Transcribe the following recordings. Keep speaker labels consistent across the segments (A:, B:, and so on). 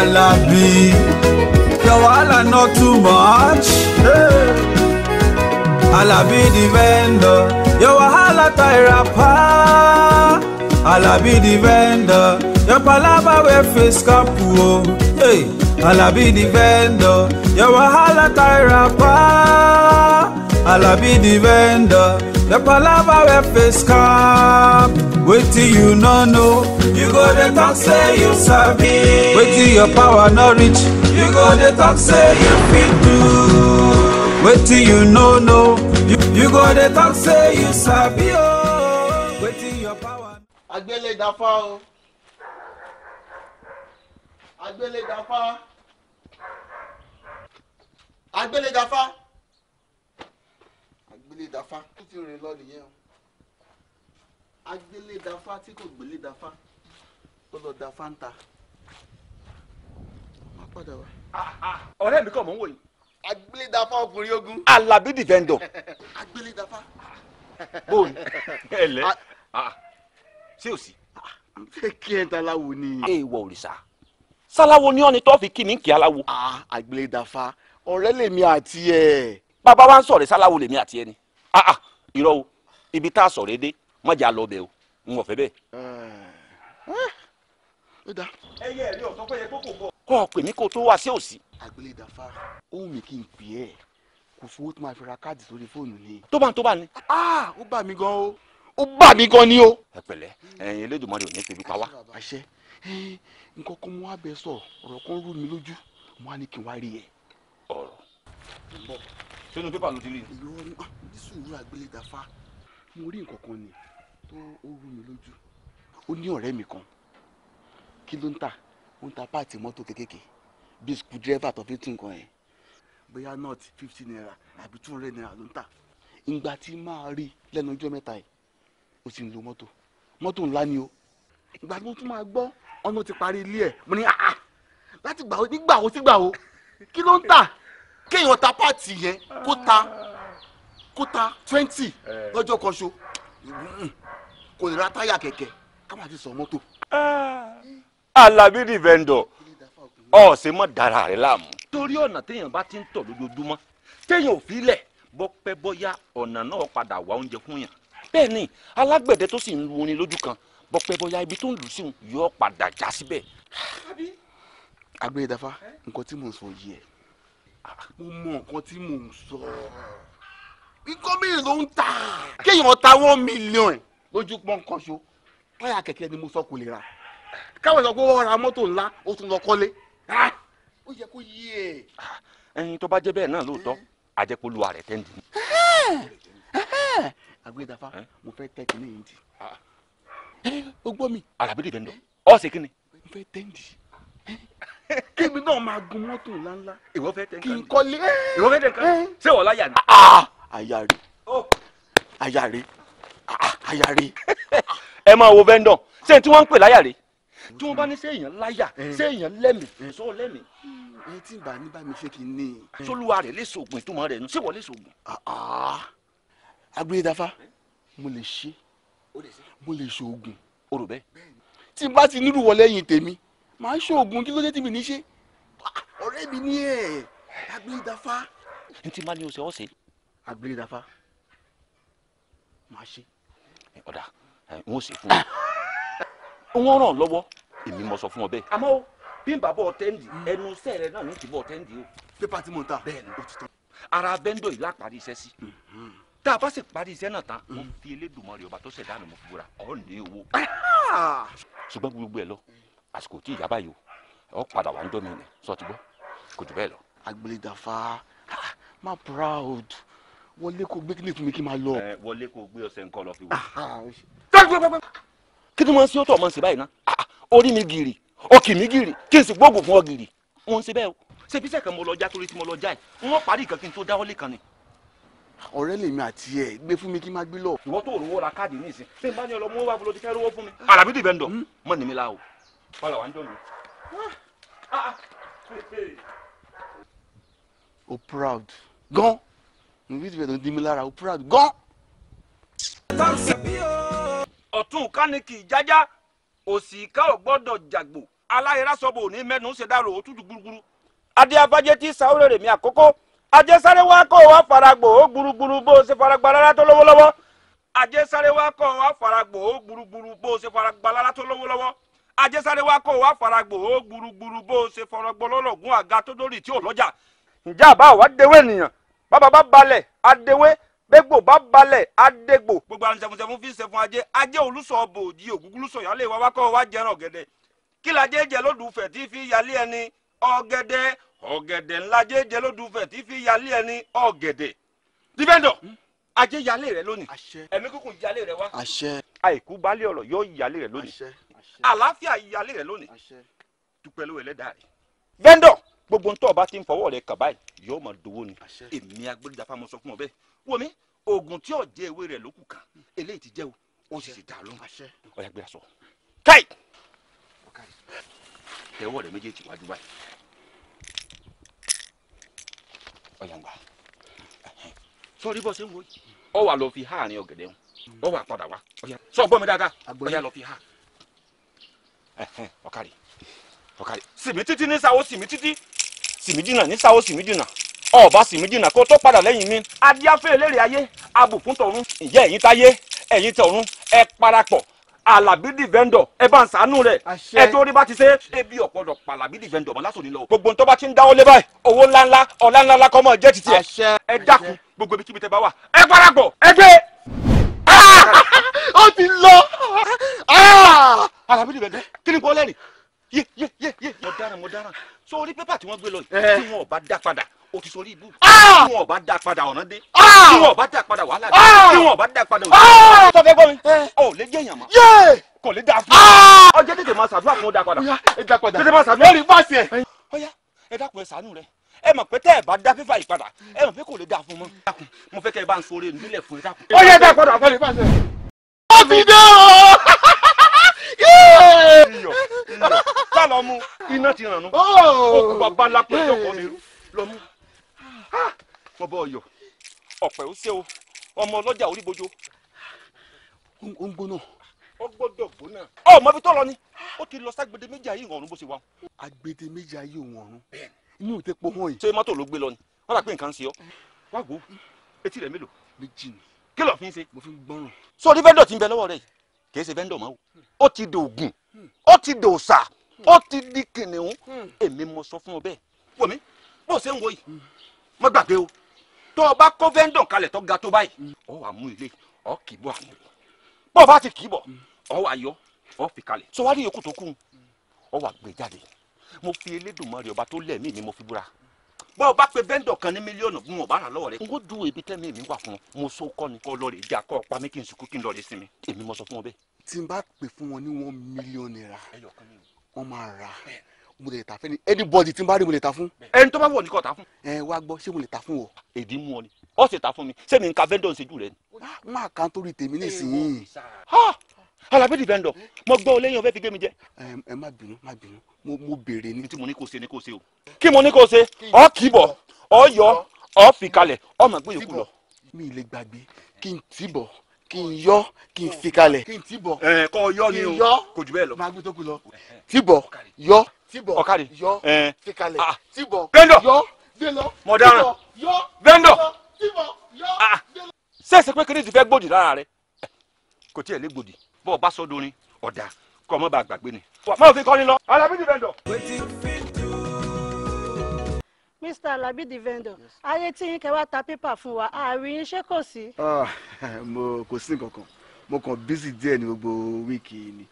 A: Alabi. Your wahala not too much. Hey. Alabi the vendor. Your wahala tie rapper. be the vendor. Your palava wey face kapu o. Oh. Hey. be the vendor. Your wahala tie rapper alabi the vendor the palava wey face Wait till you no know you go the talk say you Wait till your power not reach you go the talk say you fit do till you no know you, you go the talk say you sabi o oh.
B: till your power. agbélé dafa o oh. agbélé dafa agbélé dafa agbélédàfá tó ti rìn lọ nìyẹn o agbélédàfá tí kò gbélédàfá ó lọ da fáńtà má padà wá. ọ̀rẹ́ mi kọ̀ mọ́ ń wò yìí. agbélédàfá ọkùnrin ogun. Alábí dìfẹ́ndọ̀. agbélédàfá. bóyá ẹ lẹ ah, ah. ṣé o sí. ṣé ah, kí ẹ ta ni. ẹ wọ òrìṣà sáláwo ni ọ́ni tó fi kí ni kí aláwo. àgbélé dafa ọ̀rẹ́ lèmi àti ẹ̀. bàbá wa ń sọ̀rọ̀ sáláwo lèmi àti ẹ ni ah ah irọ́ o ibi tá a sọ̀rọ̀ dé mọ̀jà lọ bẹ̀ o n ò fẹ́ bẹ́ẹ̀. Eh, ẹyẹ rí ọ̀tọ́ pé yẹ kó kò bọ̀. kọ́ ọ pè mí kó tó wá sí òsì. àgbélẹ̀dàfà ohun mi kì í pè ẹ́ kò fowó tó máa fi ra káàdì sórí fóònù ni. tó bá ń tó bá ní. ah ó bà mí gan o ó bà mí gan ni o. ẹ pẹ̀lẹ́ ẹ̀yin Elédùmarè ò ní febi pa wá. àṣẹ eh, nǹkan kan mo wá bẹ sọ ọ̀rọ̀ kan rú mi lójú mo wá ní kí n wá rí ẹ. ọ̀rọ̀ sínú pépà ló ti rí. ìlọrin dísù ah, ìlú àgbélédàfà mo rí nǹkan kan ni tó ó rú mi lójú ó ní ọ̀rẹ́ mi kan kí ló ń tà ó ń ta páàtì mọ́tò kékèké bíi screwdriver tó fi tún nǹkan yẹn bóyá nọ́ọ̀tì fifty naira àbí two hundred naira ló ń tà ìgbà tí máa rí lẹ́nu ọjọ́ mẹ́ta yìí ó sì ń lo mọ́tò mọ́tò ńlá ni o ìgbà tí mo tún máa gbọ́ ọ̀nà ti parí ilé ẹ̀ mo ní ah, ah, láti gbà ó nígbà ó sígbà ó kí ló ń tà kéèyàn ta páàtì yẹn kó ta kó ta twenty eh. lọ́jọ́ kan ṣo kò lè ra táyà kẹ̀kẹ́ kábà ti sọ mọ́tò. Ah. alábìrì vendor ọ̀sẹ̀ mọ̀ dára rẹ̀ láàmú. torí ọ̀nà téèyàn bá ti ń tọ̀ lójoojúmọ́ téèyàn ò fi lẹ̀ bọ́ pẹ́ bọ́yá ọ̀nà náà padà wá oúnjẹ fún yàn bẹ́ẹ̀ ni alágbẹ̀dẹ tó sì ń lu orin lójú kan bọ́ pẹ́ bọ́yá ibi tó ń lù sí òun padà já síbẹ̀. agbèrè dafa nǹkan tí mò sọ yìí ẹ̀ mo mọ nǹkan tí mò ń sọ nǹkan mìíràn ló ń tà kéèyàn ta one million lójú pọ́ńkọ́ṣo táyà kẹ̀kẹ́ ni mo sọ kò lè ra káwọn sọ pé wọ́n ra mọ́tò ńlá ó tún lọ kọ́lé ah! ó yẹ kó yí ẹ̀. ẹyin tó bá jẹ́ bẹ́ẹ̀ náà lóòótọ́ àjẹpolúwa rẹ̀ tẹ́ ń dì. àgbẹ̀dàfà mo fẹ́ tẹ́ kínní yìí dì. ó ah. gbọ́ mi. àràbí dìde ń dọ̀ ọ́ ṣe kínni. mo fẹ́ tẹ́ kémi náà máa gun mọ́tò ńláńlá. ìwọ fẹ́ tẹ̀ka kí n kọ́lé. ìwọ fẹ́ tẹ̀ka eh. ṣé wọ́n láyà ni. Ah! àyà rè oh. àyà rè ah, ah, àyà rè. ẹ máa wo vendor ṣé tí wọ́n ń pè láyà rè tí wọ́n bá ní séèyàn láyà séèyàn eh. lẹ́mì sọ eh. lẹ́mì. ẹ tí bá ní bá mi ṣe kí n ní. sólúwa rẹ̀ lè sògùn ìtumọ̀ rẹ̀ nù ṣé wọ́n lè sògùn. agbóyedáfá mo lè ṣe mo lè ṣe oògùn. o rò bẹ́ẹ̀. tí n bá ti nírú wọlé yìí tèmi màá ṣoògùn kí ló dé tìmí ní ṣe ọ̀rẹ́ mi ní ẹ̀ agbẹ́dàfá. n ti máa ní oṣù ọ̀sẹ̀. agbẹ́dàfá màá ṣe. ọ̀dà n ó sì fún ọ wọ́n ràn lọ́wọ́ èmi mo sọ fún ọ bẹ́ẹ̀. àmọ́ bí n bá bọ̀ tẹ́ǹdì ẹnu sẹ́ẹ̀rẹ̀ náà ní ti bọ̀ tẹ́ǹdì o. pépà tí mo ń ta bẹ́ẹ̀ ni ó ti tán. ara bẹ́ńdọ̀ yìí lápárí iṣẹ́ sí mhm. tá a bá sì parí iṣẹ́ náà tán mo mhm. fi Elédùmarè ọba tó ṣẹ̀dá mi mo fi búra ọ̀ ní owó. Ah! ṣùgbọ́n gbogbo ẹ lọ àsìkò tí ìyá báyìí o ọ padà wà ń dọ́mi ni sọ ti kò jù bẹ́ẹ̀ lọ. àgbélẹ̀dàfà ah, má proud wọlé kò gbé kílè fún mi kí n máa lọ. ẹ wọlé kò gbé ọsẹ nǹkan lọ fi wọ. Ah, ah, kí ni wọ́n ń ṣe ọ́tọ̀ ọmọ ṣe báyìí ná orí mi gìrì ọkì mi gìrì kí n sì gbóògùn fún ọ gìrì wọ́n ń ṣe bẹ́ẹ̀ o. ṣé ibi sẹ́kàn mo lọ já torí tí mo lọ já yìí wọ́n parí ìkan kí n tó dáwọ́lé kan ni ọ̀rẹ́ lèmi àti ẹ̀ gbé fún mi kí n má gbé lọ. ìwọ tó rówó ra káàdì ní ìsìn bí n bá ní ọlọmọ wà fúlọ́dí kẹ́rọ́wọ́ fún mi. àràbí dìbẹ́ ń dọ̀ mọ́ ni la o wàhálà wà ń proud gan níbi tí bẹ̀rẹ̀ ń di proud gan. ọ̀tún kánìkì jájá òsì ká ò gbọ́dọ̀ jàgbò aláìra sọ́bù òní mẹ́nu ṣe dárò òtútù gburugburu. adé abájẹ́ tí sáwọ́rẹ́ rèmi àkókò ajẹ́sáré wa kọ́ wa faragbò ó gburugburu bó o ṣe faragbá rárá tó lọ́wọ́lọ́wọ́ ajẹ́sáré wa kọ́ wa faragbò ó gburugburu àjẹsáré wa kọ́ wa faragbò ó gburugburu bó o ṣe fọrọgbọ lọ́lọ́gùn àga tó lórí tí ò lọ́jà. ǹjẹ́ àbá wa dewé ènìyàn bàbá bá balẹ̀ adewé gbégbò bá balẹ̀ adégbò. gbogbo àwọn sẹ̀fúnsẹ̀fún fi ń sẹ̀fún ajé ajé olùsọ̀ bò di ògúngúlùsọ̀ yálé wa wá kọ́ wa jẹran ọ̀gẹ̀dẹ̀ kí lajẹ́ jẹ lódùfẹ́ tí fi yálé ẹni ọ̀gẹ̀dẹ̀ ọ̀gẹ̀dẹ̀ ńlá jẹ́ jẹ lódùfẹ́ tí fi yálé ẹni ọ̀gẹ̀dẹ̀. dífẹ́ndọ̀ ajé yálé rẹ lónìí ẹ̀mí kúkú yálé rẹ wá. àìkú balẹ̀ ọ̀rọ̀ yóò yálé rẹ lónìí àlàáfíà ìyálé rẹ lónìí dúpẹ́ lọ́wọ́ ẹlẹ́dàá rẹ. vendor gbogbo ntọ́ ọba ti ń fọwọ́ rẹ kàn báyìí yóò máa dowó ni èmi agbẹ́dàfà mo sọ fún ọ bẹ́ẹ̀ wò mí oògùn tí ò jẹ́ ewé rẹ̀ lókù kan eléyìí ti jẹ́ o ó sì ti dà lóhùn ọ̀yà gbé aṣọ káì tẹ̀wọ́ rẹ̀ méjèèjì wájú báyìí ọ̀yà ń gbà sọ́ọ́rí bọ́sẹ̀ ń wò yìí ọ wà lọ fi háàrin ọ̀gẹ̀dẹ̀ ń ọ wà padà wá ọ̀yà sọ́ọ́ gbọ́ mi dáadáa ọ̀yà lọ fi háà ọ̀kàrí ọ̀kàrí sìmí títí ní sáwó sìmí títí sìmí dínà ní sáwó sìmí dínà ọba sìmí dínà kó tó padà lẹ́yìn mi adíáfẹ́ eléré ayé abùkún tọ̀run ìyá ẹ̀yin táyé ẹ̀yin tọ̀run ẹ parapọ̀ alabidi vendor ẹ bá ń sànú rẹ ẹ tó rí bá ti ṣe ebi ọ̀pọ̀lọ̀ palabidi vendor mọ́ lásòdì lọ gbogbo tó bá ti ń dáwọ́ lé báyìí owó ńláńlá ọ̀la ńláńlá kọ́ mọ́ jẹ́ títí ẹ ẹ dákun gbogbo ibi kíbi tẹ bá wà ẹ parapọ̀ ẹ gbé. Ah! ó ti lọ. Ah! arábìnrin bẹ̀bẹ̀ kí ni kò lẹ́rìn yé yé yé yé mo dáràn mo dáràn so orí pépà tí wọ́n gbé lọ yìí eh. tí wọn ò bá dá padà o ti sori ibú ah! tí wọn ò bá dá padà ọ̀nà dé ah! tí wọn ò bá dá padà wàhálà dé ah! tí wọn ò bá dá padà òjò tó fẹ́ gbọ́ mi ọ eh, ò lè jẹ́ èèyàn kò lè dá fún ọjọ́ tètè máa ṣàdúrà fún dá padà tètè máa ṣàdúrà lórí fásì ẹ̀. ẹ dákun ẹ ṣàánú rẹ ẹ mọ̀ pé tẹ́ ẹ bá dá pépà yìí padà ẹ mọ̀ pé kò lè dá fún mọ́ mo fẹ́ kẹ́ ẹ bá ń sọ iyọ̀ lọ mú iná ti ràn nú oh! òkú bàbá lápẹ́ ìjọkọ̀ mi rú lọ mú mo bọ ọyọ ọ̀pẹ̀ ó ṣe o ọmọ ọlọ́jà orí bojo. ó ń gbóná. ó gbọ́dọ̀ gbóná. ọ mọ ibi tó lọ ni ó ti lọ ságbede méjì ayé ìwọ̀n ọ̀run bó ṣe wà. agbede méjì ayé ìwọ̀n ọ̀run inú ò tẹ pọ hàn yìí. ṣé mọ́tò ló gbé lọ ni wọ́n rà pé nǹkan ń ṣe ọ́ wá gbó etí rẹ̀ mélòó. méjì ni. kí ló fi ń ṣe. mo fi ń gbọ́ràn. sọ ní bẹ́ẹ̀ dọ̀tí ń bẹ lọ́wọ́ rẹ̀ yìí kì í ṣe vendor mọ́ ó ti di ògùn ó ti di òòṣà ó ti di kìnìún èmi mo sọ fún ọ bẹ́ẹ̀ wò mí bó ṣe ń wo yìí mo gbàgbé o tó o bá kó vendor kalẹ̀ tó ga tó báyìí ọ wà mú ilé ọ kì í bọ̀ àmì bó o bá ti kì í bọ̀ ọ wà yọ ọ fi kalẹ̀ sọ wá ní yòókù tó kù ọ wà gbé jáde mo fi Elédùmarè ọba tó lẹ̀ mí mi mo fi búra bọ́ ọ bá pe vendor kan ní mílíọ̀nù fún ọ̀bára lọ́wọ́ rẹ. n kò du ibi tẹ́mi mi wà fún ọ mo so kọ́ ni. kọ́ lọ rè di akọ́ pa mí kí n sùn kú kí n lọ rè sinmi. èmi mo sọ fún wọn bẹ́ẹ̀. tí n bá pè fún wọn ní one million naira wọn máa ra mo lè ta fẹ́ni anybody tí n bá rí mo lè ta fún. ẹni tó bá wọ̀ ní kò ta fún. ẹ wá gbọ́ ṣé mo lè ta fún o. èdè mú ọ ni ọ sì ta fún mi sẹ́mi nǹkan vendor ń ṣe jù rẹ ni. máa kan torí tèmi nísìnyí alábí dìbẹ́ndọ̀ mo gbọ́ ọ lẹ́yìn ọ̀fẹ́ fi gé mi jẹ. ẹ má bínú má bínú mo mo béèrè ni. tí mo ní kò ṣe ni kò se o. kí mo ní kò ṣe ọ kì í bọ̀ ọ yọ ọ fi kalẹ̀ ọ mà gbé yòókù lọ. mi ì lè gbàgbé kí n tì bọ̀ kí n yọ kí n fi kalẹ̀. kí n tì bọ̀ ẹ kọ́ yọ ni o kò jù bẹ́ẹ̀ lọ. máa gbé tó kù lọ. tì bọ̀ yọ tì yọ fi kalẹ̀ ah. tì bọ̀ yọ dé lọ mọ̀dáràn vendor sẹ́sẹ̀ ah. pé kéde fẹ́ gbòdì lára rẹ kò tiẹ̀ lè gbòdì bọ́ ọ bá sọ dorin ọ̀dà kọ́ ọmọ bá gbàgbé ni. má fi kọ́ni lọ. Alabi the
C: Mr. Alabi the vendor ayé tí yín kẹwàá ta pépà fún wa àárín yín ṣé kò sí.
B: Ah, mo kò sí nǹkan kan mo kàn bísí díẹ̀ ní gbogbo wíìkì ni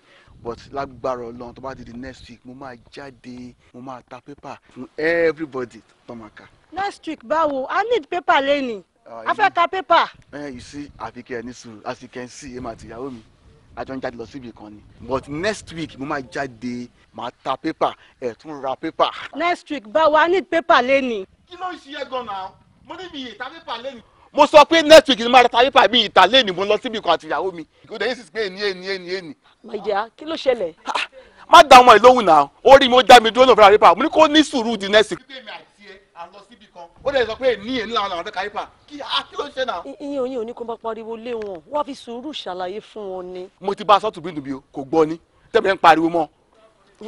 B: but lágbára Ọlọ́run tó bá di di next week mo máa jáde mo máa ta pépà fún everybody tó máa kà.
C: next week báwo i need paper lẹ́nìí ah, a fẹ́ ka pépà.
B: Eh, you see àfikẹ́ ẹ ní sùúrù as you can see emma àtìyàwó mi àjọ ń jáde lọ síbi kan ni but next week mo máa jáde máa ta pépà ẹ̀ tún ra pépà. next week bá wa ní pépà lẹ́nìí. kí ló ń ṣe ẹ gan-an mo ní mi ìta pépà lẹ́nìí. mo sọ pé next week ni máa ra ta pépà mi ìta lẹ́nìí mo lọ síbi kan àti ìyàwó mi kò dé yín sì pé èní èní èní èní. màjá kí ló ṣẹlẹ̀. má dá ọmọ ìlóhùn náà ó rí mi ó dá mi dúró lọ́ọ̀fẹ́ àrípa mo ní kó ní sùúrù di next week à ń lọ síbi kan ó sọ pé ní èyí làwọn làwọn dẹ́ka ipa kí á kí ṣe náà. iye oyin
D: òní kò bá pariwo lé wọn wá fi sùúrù ṣàlàyé fún wọn ni.
B: mo ti bá a sọ́tù bíndùn bí o kò gbọ́ ni tẹ́mi ń pariwo mọ́.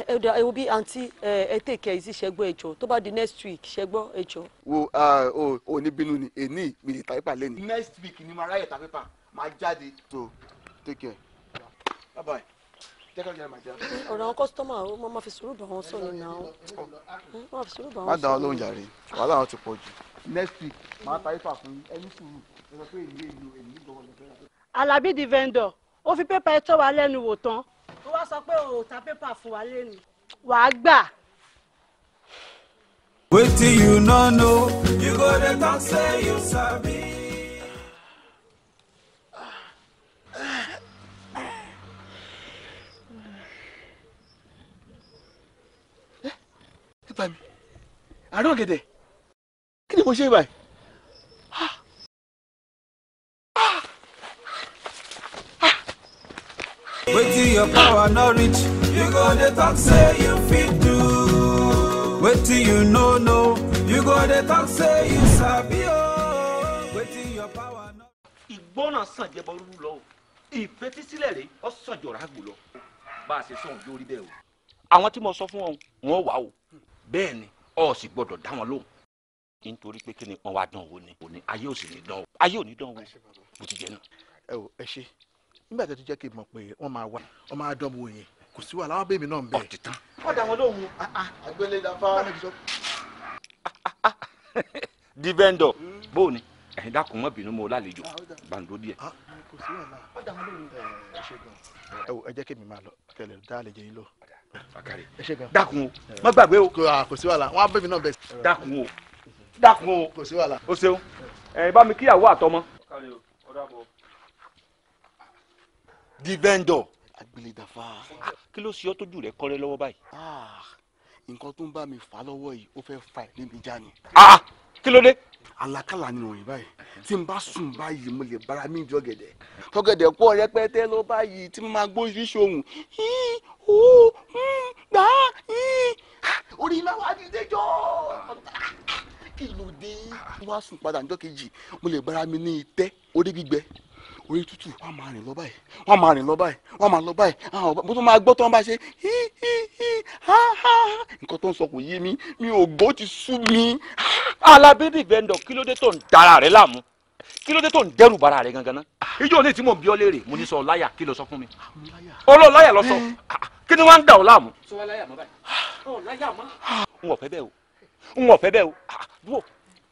D: ẹ ọ̀dà ẹ wo bí àǹtí ẹ tèkẹ́ ìsì ṣẹ́gbọ́ ẹ̀jọ̀ tó bá di next
B: week ṣẹ́gbọ́ ẹ̀jọ̀. wo o ní bínú ni èní mi lè ta ipa lẹ́nu. next week ni màá ráyè ta pépà màá jáde. so take care. bye bye ọ̀rọ̀
D: àwọn kọ́sítọ́mà ó máa fi sùúrù bá wọn sọ̀rọ̀ náà ó hm, máa fi sùúrù bá wọn sọ̀rọ̀. má dàn án
B: lóhùn jàre wàhálà wọn ti pọ̀ jù next week màá ta ifá fún ẹni sùúrù ẹ sọ pé èmi èmi èmi gbọ́n lọ́fẹ́.
C: Alábí the vendor ó fi pépà ẹtọ́ wa lẹ́nu wò tán ó wá sọ pé ò ta pépà fún wa lẹ́nu wàá gbà.
A: wetin you no know you go dey talk say you sabi.
E: tó bá mi àrùn
A: ọ̀gẹ̀dẹ̀ kí ni mo ṣe báyìí. wetin your power no reach you go dey talk say you fit do wetin you no know you go dey talk say you sabi o
B: wetin your power no. ìgbọ́nà sàn jẹ́bọ rúru lọ o ìfetísílẹ̀ rẹ̀ ọ̀sán jọ̀rọ̀ àgùn bá a ṣe sọ̀n bí ó bẹ́ẹ̀ o. àwọn tí mo sọ fún ọ wọn wà o bẹ́ẹ̀ ni ọ sì gbọ́dọ̀ dá wọn lóhùn nítorí pé kí ni wọn wá dán wò ni òní ayé ò sì ní dán wò ayé ò ní dán wò bó ti jẹ náà. ẹ o ẹ ṣe nígbà tó ti jẹ́ kí n mọ̀ pé wọ́n máa wá wọ́n máa dán wò yẹn kò sí wàhálà wọn bẹ́ẹ̀ mi náà ń bẹ̀. ọ̀tí tán. wọ́n dá wọn lóhùn. Ah, ah, àgbélé dafa. di vendor bó o ní ẹ̀yin dákun mọ́ bínú mo lálejò gbàǹdó ah, díẹ̀. kò sí wàhálà. wọ́n dá wọn lóhùn. ẹ ṣe ẹ jẹ́ kí mi máa lọ kẹlẹ̀ dá àlejò yín lọ dákun o má gbàgbé o. kò sí wàhálà wọn á bẹ̀mí náà bẹ̀. dákun o dákun o kò sí wàhálà. o ṣeun ẹ bá mi kíyàwó àtọmọ. di vendor. agbèlédàfà. kí ló ṣe ọ́ tójú rẹ̀ kọ́rẹ́ lọ́wọ́ báyìí. Ah, nǹkan tó ń bá mi fà lọ́wọ́ yìí ó fẹ́ fà ẹ̀ níbi já ni. Ah, kí ló dé. Alakala ni ròyìn báyìí tí n bá sùn báyìí mo lè bára mi jọ gẹ̀dẹ̀ tọ́gẹ̀dẹ̀ pọ̀ rẹpẹtẹ lọ báyìí tí mo máa gbó oríṣiríṣi ohun yín ó gbà yín orí iná wa ti dẹjọ́ kí ló dé wá sùn padà níjọ́ kejì mo lè bára mi ní itẹ́ orí gbígbẹ orí tútù wọn máa rìn lọ báyìí wọn máa rìn lọ báyìí wọn máa lọ báyìí àwọn ọba mo tún máa gbọ́ tó ń bá ṣe hí hí hí ha ha nǹkan tó ń sọ kò yé mi mi ò gbọ́ ti sú mi. alábẹ́bí vendor kí ló dé tó ń dara rẹ láàmú kí ló dé tó ń dẹ́rù bara rẹ gangan ná. Ah. ijó ní tí mo bí ọ léèrè mo ní sọ láyà kí ló sọ fún mi. Ah, ọlọ́ láyà lọ sọ eh. ah, kí ni wọ́n ń dà ọ́ láàmú. sọ wá láyà mọ́ báyìí. ọ̀ láyà mọ́. n ò fẹ́ bẹ́ẹ̀ o n ò fẹ́ bẹ́ẹ̀ o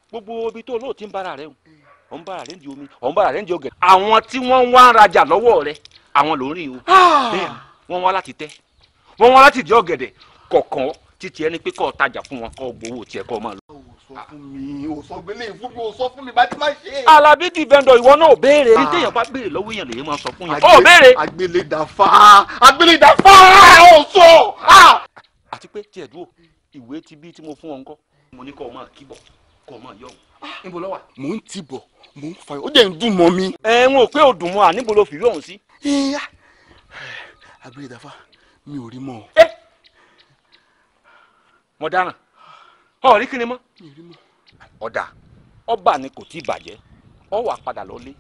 B: gbogbo ibi tó olóòtí ń bara rẹ o eh ò ń bára ń di omi ò ń bára ń di ọ̀gẹ̀dẹ̀. àwọn tí wọ́n wá ń rajà lọ́wọ́ rẹ̀ àwọn ló ń rí o ah! bẹ́ẹ̀ wọ́n wá láti tẹ́ wọ́n wá láti di ọ̀gẹ̀dẹ̀ kọ̀ọ̀kan títí ẹni pé kọ́ tajà fún wọn kọ́ gbowó tiẹ̀ kọ́ máa lọ. o sọ fún mi o sọ gbélé fún mi o sọ fún mi bá ti máa ṣe. Alábí vendor ìwọ náà béèrè. ní ah. téèyàn bá béèrè lọ́wọ́ èèyàn lèyìn máa sọ fún yẹn. ó béèrè. agbélédàfà agbélédàfà ò sọ. Ah! àti pé tiẹ̀ dúró ìwé ti bí tí mo fún ọ ńkọ́ mo ní kọ́ ọ máa kíbọ̀ kọ́ ọ máa yọ̀ ọ́. Ah. níbo ló wà. mò ń ti bọ̀ mò ń fa ó dẹ̀ ń dùn mọ́ mi. ẹ wọn ò pé ò dùn mọ́ à níbo ló fi rí ọ̀hún sí. ìyá agbèrèdàfà ah. mi ò rí mọ́ o. ẹ mo dáràn ọ rí kíni mọ́ ọ̀dà ọba ni kò tí bàjẹ́ ọ wà padà lọ lé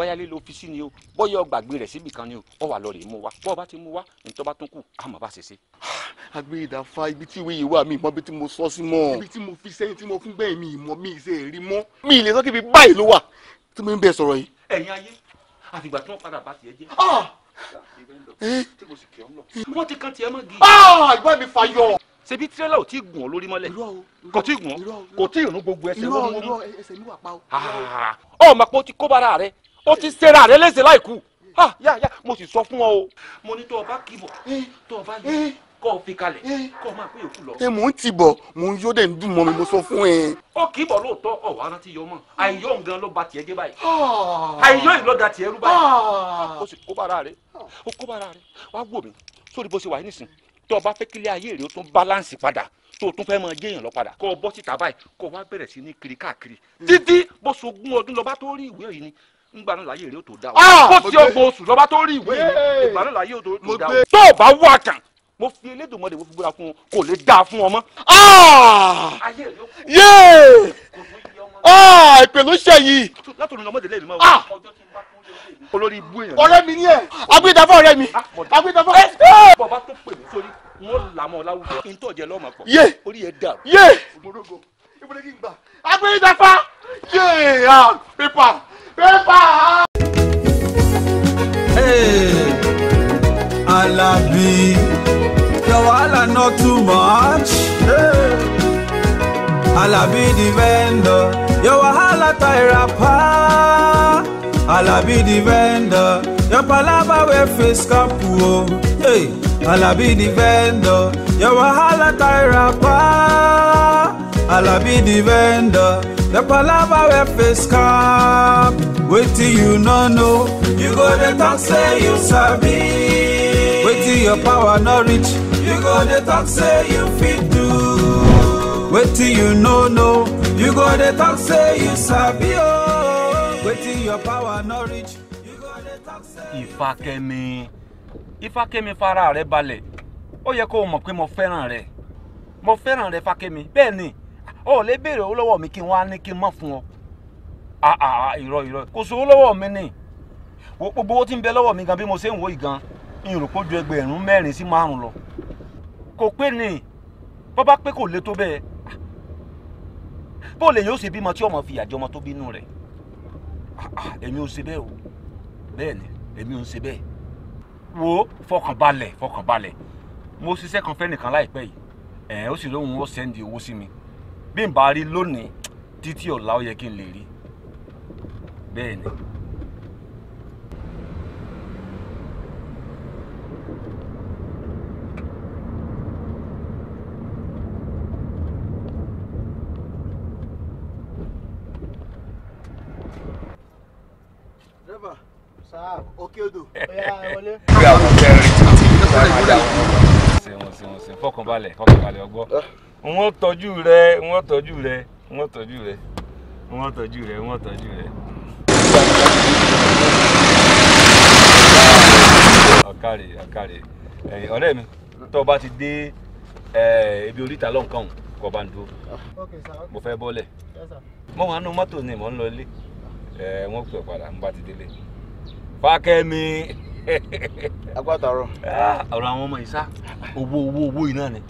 B: bóyá lílo ọ́fíìsì ni o bóyá o rẹ̀ síbì kan ni o ọ wà lọ mú wa bó bá ti mú wa ntọ́ bá tún kù àmọ́ bá ṣe ṣe. Ah, agbe ìdàfà ibi tí ìwé yìí wà mọ ibi tí mo sọ sí mọ. ibi tí mo fi sẹ́yìn tí mo fún gbẹ̀yìn mi ìmọ̀ mi ìṣe rí mọ́. mi ì lè sọ kíbi báyìí ló wà tí mo ń bẹ sọ̀rọ̀ yìí. ẹ̀yin ayé àfìgbà tí wọ́n padà bá tiẹ̀ jẹ́. Ah! Ah! Eh? wọ́n ti kan tiẹ̀ mọ́ gi. àgbà mi fayọ. ṣebí tirẹ́là ò tí ì gùn ọ́ lórí mọ́lẹ̀ kò tí ì gùn kò tí rún gbogbo ẹsẹ̀ lórí mọ́lẹ̀. ọmọ pé ó ti kó bára rẹ̀ ó ti ṣera rẹ léṣe láìkú yá yá mo sì sọ fún ọ o. mo ní tó o bá kì í bọ̀ eh, tó o bá yẹ eh. kó o fi kalẹ̀ eh. kó o máa pé òkú lọ. ẹ mò ń tì bọ̀ mò ń yó dẹ̀ ń dùn mọ́ mi mo sọ fún ẹ. ó kì í bọ̀ lóòótọ́ ọ̀wọ́ ara ti yọ mọ́ àìyọ́ nǹkan ló ba tiẹ̀ jẹ́ báyìí ah. àìyọ́ ìlú ọ̀dà tiẹ̀ rú báyìí. Ah. ó sì kó bára rẹ ah. ó kó bára rẹ wá wò mí sórí bó ṣe wà nísìn tó o bá fẹ́ kílé ayé rẹ ó tún báláǹsì padà tó o tún fẹ́ máa jẹ́yàn lọ padà kó o bọ́ síta báyìí kó o wá bẹ̀rẹ̀ sí ní kiri káàkiri hmm. títí bó ṣogún ọdún lọ bá tó rí ìwé yìí ni ngbà náà láyé rẹ ó tó dá o. Ah, kó sí ọgbọ̀n oṣù lọ́ba tó rí ìwé yìí ìgbà náà láyé ó tó dá o. tó o bá wà kàn mo fi Elédùmarè mo fi búra fún un kò lè dáa fún ọmọ. Ah! yéé ah, ìpè ló ṣe yìí. látòun lọmọdé lè mọ ọjọ́ tí n bá kún olórí ibú èèyàn. ọ̀rẹ́ mi ni ẹ̀ agbẹ́dàfọ́ ọ̀rẹ́ mi agbẹ́dàfọ́. Eh, eh! bàbá tó pè mí sórí wọn làmọ láwùjọ kí n tọ̀ jẹ lọ́mọ pọ̀ orí ẹ̀ dà. yé agbẹ́dàfọ́ yé pépà pépà.
A: Alabi, your wahala not too much. Alabi the vendor, your wahala tire apart. Alabi the vendor, your palava wey face cap o. Hey, Alabi the vendor, your wahala tie apart alabi the vendor the palava wey face cap wetin you no know you go dey talk say you sabi wetin your power no reach you go dey talk say you fit do wetin you no know you go dey talk say you sabi o oh. wetin your power
B: no reach you go dey talk say you fit do. Ìfàkẹ́mi Ìfàkẹ́mi fara rẹ balẹ̀ ó yẹ kó o mọ̀ mo fẹ́ràn rẹ mo fẹ́ràn rẹ Fàkẹ́mi bẹ́ẹ̀ ó lè béèrè owó lọ́wọ́ mi kí n wá ní kí n mọ̀ fún ọ àà ah, ah, ah, irọ́ irọ́ kò sówó lọ́wọ́ mi nì gbogbo owó tí ń bẹ lọ́wọ́ mi gan bí mo ṣe ń wò yìí gan n rò kó ju ẹgbẹ̀rún mẹ́rin sí márùn lọ kò pé nì bọ́ bá pé kò lè tó bẹ́ẹ̀ bó lè yóò ṣe bímọ tí ọmọ fìyà jẹ ọmọ tó bínú rẹ̀ èmi ò ṣe bẹ́ẹ̀ o bẹ́ẹ̀ ni èmi ò ṣe bẹ́ẹ̀ wo fọkànbalẹ̀ fọkànbalẹ̀ mo ṣiṣẹ́ kan fẹ́ nìkan láìpẹ́ yìí ẹ̀ ó sì lóhun ó sẹ́ndì owó sí mi bí n bá rí lónìí títí ọ̀la ó yẹ kí n lè rí bẹ́ẹ̀ ni. òkè odò ọ̀yà wọlé. ṣé wọn ṣe wọn ṣe fọkànbalẹ̀ fọkànbalẹ̀ ọgbọ. Ah wọ́n tọ́jú rẹ wọ́n tọ́jú rẹ wọ́n tọ́jú rẹ wọ́n tọ́jú rẹ wọ́n tọ́jú rẹ. ọ̀kàrè ọ̀kàrè ọ̀rẹ́ mi tó bá ti dé ibi oríta lọ́nkàn kó bá ń dúró mo fẹ́ bọ́lẹ̀ mo wà nù mọ́tò ni mò ń lọ ilé wọ́n pè padà mo bá ti délé fákẹ́mi agbátọrọ. Ah, ọ̀rọ̀ àwọn ọmọ ìsá owó owó owó iná ni.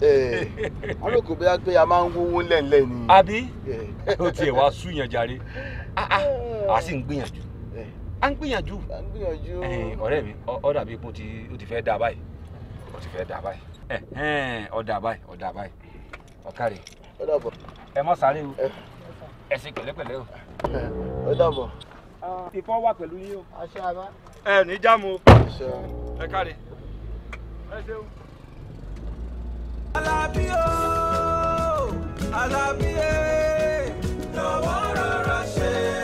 B: wọn ló kò bóyá pé a máa ń wówó lẹ́ẹ̀lẹ́ ni. àbí ó tiẹ̀ wá súyàn jàre ah, ah, a sì ń gbìyànjú a ń gbìyànjú. a ń gbìyànjú. ọ̀rẹ́ mi da bi ipò tí ó ti fẹ́ dà báyìí ó ti fẹ́ dà báyìí ó dà báyìí ó dà báyìí ọ̀kàrè ẹ mọ̀ sáré o ẹ ṣe pẹ̀lẹ́pẹ̀lẹ́ o. da dàbọ̀ ìfọ́ wà pẹ̀lú yín o. àṣẹ àbá. ẹ ní jáàmù àṣẹ. ẹ káre. ẹ ṣeun. alábí o
A: alábí e lọ́wọ́ rọra ṣe é.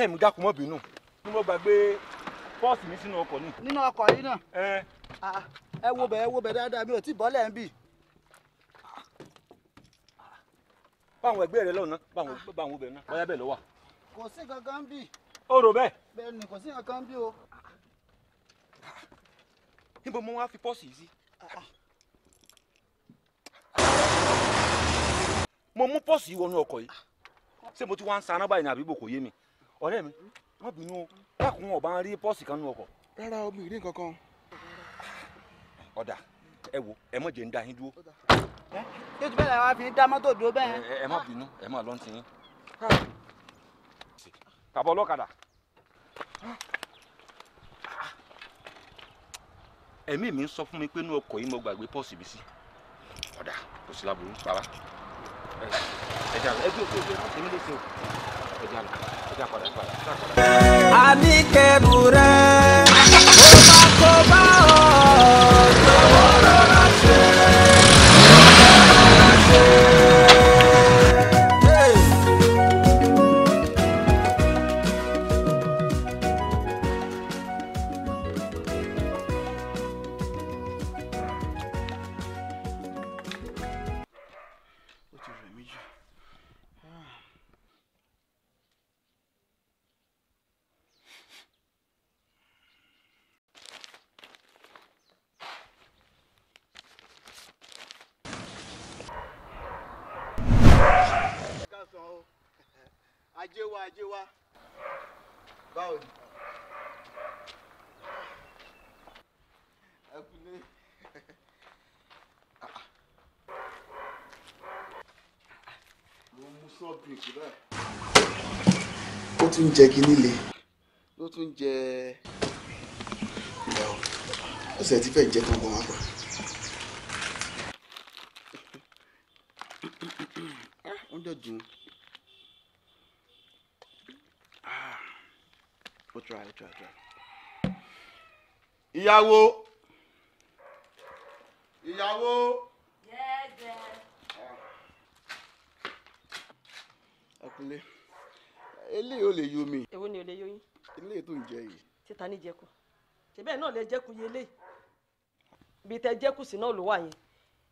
B: ọ̀rẹ́ mi dákun mọ́ bínú. ni mo gbàgbé pọ́ọ̀sì mi sínú ọkọ̀ ni. nínú ọkọ̀ yìí náà. Ah, ah. ẹ wo bẹ̀ ẹ wo bẹ̀ dáadáa mi ò tí bọ́lẹ̀ ń bì. báwọn ẹgbẹ́ rẹ lọ́nà báwọn báwọn obìnrin náà bóyá bẹ́ẹ̀ ló kò sí kankan bì. o rò bẹ́ẹ̀. bẹ́ẹ̀ ni kò sí kankan bì o. níbo mo wá fi pọ́ọ̀sì yìí sí. Ah, mo mú pọ́ọ̀sì yìí wọnú ọkọ̀ yìí ṣé mo ti wá ń ọ̀rẹ́ mi má bínú o dákun ń rí pọ́ọ̀sì kan ọkọ̀. rárá nǹkan kan. ọ̀dà ẹ wo ẹ mọ̀ jẹ́ ń da yín dúró. yóò tún bẹ́ẹ̀ wá fi dá mọ́tò dúró bẹ́ẹ̀. ẹ má bínú ẹ má yín. tàbọ̀ ọlọ́kadà. ẹ̀mí mi sọ fún mi pé inú ọkọ̀ yìí mo gbàgbé pọ́ọ̀sì mi
A: I need ó bá
B: ajé wa ajé wa báwo ni. ẹ kúlé. mo mú sọ́ọ̀bìrìkì báyìí. ó tún jẹ kínní le. ló tún jẹ. ìgbà o ọ̀sẹ̀ tí fẹ́ẹ̀ jẹ tán gan wá pa. Ah, oúnjẹ dùn. try try try. ìyàwó ìyàwó. ọkùnrin eléyìí ò lè yó mi.
D: èwo ni ò lè yó yín.
B: eléyìí tó ń jẹ yìí.
D: títa ní jẹkù ṣẹbẹ náà lè jẹkù yé eléyìí bí tẹ jẹkù sí náà ló wà yẹn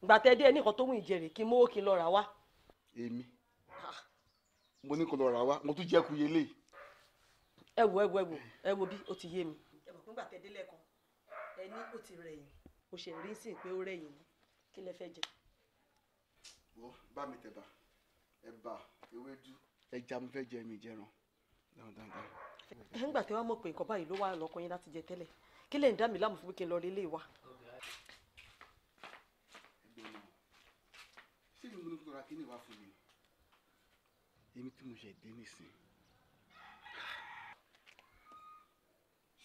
D: ìgbà tẹ dé ẹnìkan tó wùn ìjẹrè kí n mówó kí n lọ rà wá.
B: èmi mo ní kó lọ rà wá mo tún jẹkù yé eléyìí ẹ wo ẹ wo ẹ wo ẹ wo bí ó ti yé mi.
D: ẹ mọ̀ tẹ́ délẹ̀ kan ẹ ní ó ti rẹ̀yìn mo ṣe rí sí pé ó rẹ̀yìn ni kí lẹ fẹ́ jẹ.
B: wọ́n bá mi tẹ̀ bá ẹ̀bà ewédú ẹja mo fẹ́ jẹ mi jẹran dáadáa.
D: ẹ ń gbà tí wàá mọ̀ pé nǹkan báyìí ló wà lọ́kàn yín láti jẹ tẹ́lẹ̀ kí lè ń dá mi láàmú fún pé kí n lọ rí ilé wa.
B: ṣé mi ló ń tọ́ra kí ni ìwà fún mi. èmi tí mo ṣe dé nísìnyí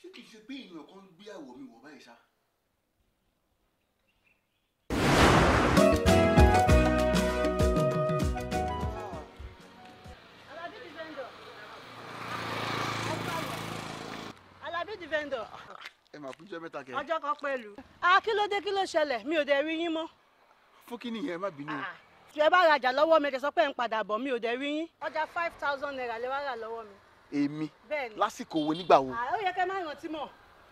B: ṣé kìí ṣe pé èèyàn kan gbéyàwó mi wọ̀ báyìí
E: ṣá.
C: Alabi the vendor.
B: ẹ mà fún jẹ mẹ́ta kẹ. ọjọ́ kan
C: pẹ̀lú. a kí ló dé kí ló ṣẹlẹ̀ mi ò dé rí yín mọ́.
B: fún kí nìyẹn má bínú. Ah,
C: tí ẹ bá rajà lọ́wọ́ mi ẹ sọ pé ẹ ń padà bọ̀ mi ò dé rí yín. ọjà five thousand naira lè wá rà lọ́wọ́ mi èmi lásìkò wo nígbà wo. Ah, ó yẹ kẹ́ máa rántí mọ̀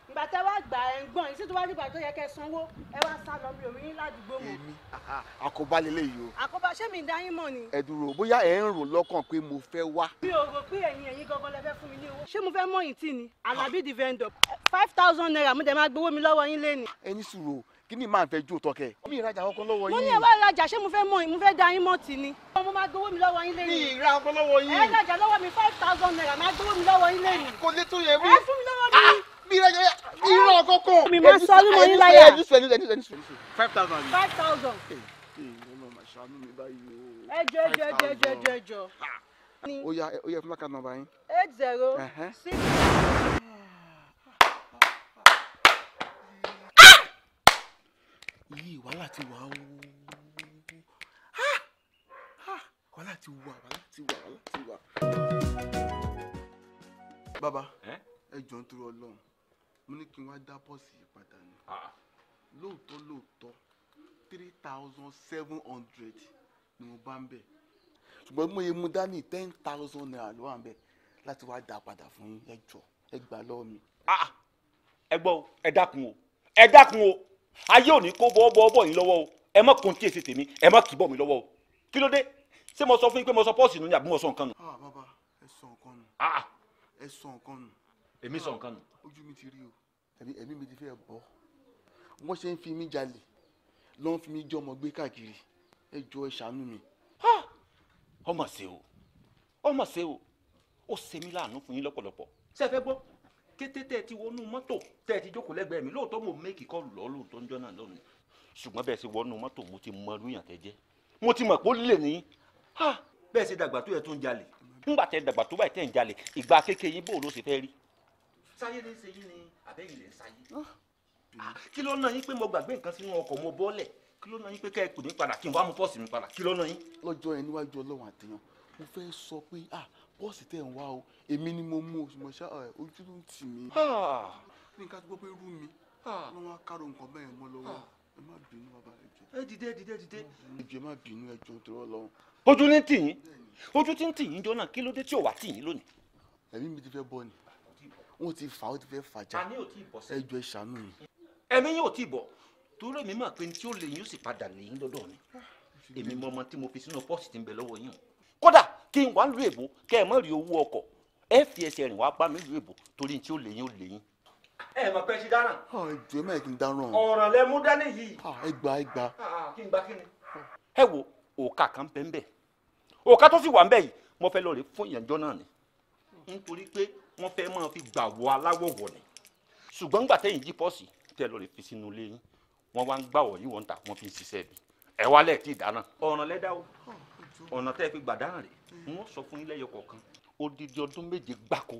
C: ìgbà tẹ́ wá gbà ẹ̀ ń gbọ̀n yìí títí wá dìgbà tó yẹ kẹ́ sanwó ẹ wá sá lọ mi ò rí ládùúgbò mọ́. èmi
B: àkóbá lélẹ̀ yìí o.
C: àkóbá ṣé mi dá yín mọ̀ ni.
B: ẹ dúró bóyá ẹ ń rò lọ́kàn pé mo fẹ́ wá.
C: mi ò rò pé ẹ̀yin ẹ̀yin gangan lẹ fẹ́ fún mi ní owó. ṣé mo fẹ́ mọ̀ yìí tì ni alábí ah. the vendor five thousand naira mo dẹ̀ máa gbowó mi lọ́wọ́ yín lé ni.
B: ẹni sùúrù kí ni màá fẹ́ jó tọkẹ.
C: mi ìrajà kankan lọ́wọ́ yín. mo ní ẹ wá ìrajà ṣé mo fẹ́ mọ mo fẹ́ da yín mọ́ tì ni. mo máa gbowó mi lọ́wọ́ yín lẹ́yìn. mi ìra kankan lọ́wọ́ yín. ẹ ìrajà lọ́wọ́ mi five thousand naira máa gbowó mi lọ́wọ́
B: yín lẹ́yìn. kò lè tó yẹ wí. ẹ fún mi lọ́wọ́ mi. Ah, mi ìrajà ìra kankan. mi máa sọ ọdún mọ́ yín láyà. ẹ jùsọ ẹ jùsọ ẹ jùsọ five thousand. five thousand. Eh, eh, ẹ jọ ẹ jọ ẹ jọ ẹ jọ
C: ẹ jọ. Ah, ó
B: yá ó yá fún mi ká nọ́mbà yín. eight zero six. iye wàhálà ti wà ó ah! ah! wàhálà ti wà wàhálà ti wà wàhálà ti wà. bàbá ẹ jọ ń tọrọ Ọlọ́run mo ní kí n wá dá pọ́ọ̀sì yìí padà ni ah. lóòótọ́ lóòótọ́ three thousand seven hundred ni mo bá ń bẹ̀ ṣùgbọ́n mo yẹ mu dání ten thousand naira ló wà ń bẹ̀ láti wá dá padà fún yín ẹ jọ ẹ gbà lọ́wọ́ mi. ẹ gbọ́ ẹ dákun o ẹ dákun o ayé òní kó bọ́ọ̀bọ́ọ̀bọ̀ yín lọ́wọ́ o ẹ mọ̀ kó n tí èsì tèmi ẹ mọ̀ kì í bọ̀ mí lọ́wọ́ o kí ló dé ṣé mo sọ fún yín pé mo sọ pọ́ọ̀sì nù ni àbí mo sọ nǹkan nù. ah baba, ẹ sọ nǹkan nù. Ah, ah ẹ sọ nǹkan nù. èmi sọ nǹkan nù. ojú mi ti rí o tàbí ẹ̀mí mi ti fẹ́ bọ́ wọ́n ṣe ń fi mí jalè ló ń fi mí jẹ́ ọmọ gbé káàkiri ẹ jọ ẹ ṣàánú mi. ọmọ ṣe o ọmọ ṣe o ó ṣe mí láàánú fún yín lọ́pọ̀lọpọ̀ ṣé ẹ fẹ́ gbọ́ kété tẹ́ ẹ ti wọnú mọ́tò tẹ́ ẹ ti jókòó lẹ́gbẹ̀ẹ́ mi lóòótọ́ mò ń méèkì kọ́ lọ́ lóòótọ́ ń jọ́nà lọ́nu ṣùgbọ́n bẹ́ẹ̀ ṣe wọnú mọ́tò mo ti mọ lóyún àtẹ́jẹ́ mo ti mọ̀ pé ó lè ní bẹ́ẹ̀ ṣe dàgbà tó yẹ tó ń jalè ńgbà tẹ́ dàgbà tó báyìí tẹ́ ń jalè ìgbà kékeré yín bò ló ṣe fẹ́ rí. sáyé ní ṣe yín ni àbẹ́yìn lè ń sáyé ah! kí ló ná yín pé mo gbàgbé nǹkan sínú ọkọ̀ mo bọ́lẹ̀ kí ló ná yín pé kẹ́ ẹ kù ní padà kí n wá mú pọ́ọ̀sì mi padà kí ló ná yín. lọ́jọ́ ẹ níwájú ọlọ́run àtẹ̀yàn mo fẹ́ sọ pé ah bọ́ọ̀sì tẹ̀ ń wá o èmi ni mo mú oṣù mọ̀ṣá ojú ló ń tì mí. ní ká tó gbọ́ pé rú mi wọ́n wá kárò nǹkan bẹ́ẹ̀ mọ́ lọ́wọ́ ẹ má
C: bínú bàbá rẹ jọ.
B: ẹ dìde dìde dìde. ìjọ má bínú ẹ jọ tó lọ. ojú ní tì yín ojú tí ń tì yín jọ́nà kí ló dé tí ò wá tì yín lónìí. ẹ̀mí mi ti fẹ́ bọ́ ni wọ́n ti fà ó ti fẹ́ fàjà ẹ jọ ẹ ṣàánú mi. ẹ̀mí yóò tí ì bọ̀ torí èmi mọ̀ pé tí ó lè yín ó sì padà lè yín lọ́dọ̀ mi ah, èmi mọ ọmọ tí mo fi sínú pọ́ọ̀sì tí ń bẹ lọ́wọ́ yín o kódà kí n wá lu èbó kẹ ẹ mọ rí owó ọkọ ẹ fi ẹsẹ̀ rìn wá bá mi lu èbó torí tí ó lè yín ó lè yín. ẹ mọ pé ṣe dáná. Ah, ẹ jẹ́ mẹ́ẹ̀ kí n dáná. ọ̀ràn lẹ mú dání yìí. Ah, ẹ gbà ẹ gbà. Ah, kí n gbà kí ni. ẹ wo òòkà kan bẹ́ẹ̀ bẹ́ẹ̀ òòkà tó sì wà bẹ́ẹ̀ yìí mo fẹ́ lọ rí fún ìyànjọ́ náà ni nítorí pé wọ́n fẹ́ máa fi gbàwọ́ aláwọ̀ wọ̀ ni ṣùgbọ́n gbà tẹ́yìn jí pọ́ọ̀sì tẹ́ lọ rí fi sínú ilé yín wọ́n wá ń gbàwọ̀ yìí wọ́n ń ta wọ́n fi ń ṣiṣẹ́ bí ẹ wá lẹ́ẹ̀kí ìdáná ọ̀ràn lẹ́dá o ọ̀nà tẹ́ ẹ fi gbàdáràn rẹ̀ wọ́n sọ fún yín lẹ́yọ kọ̀ọ̀kan odidi ọdún méje gbáko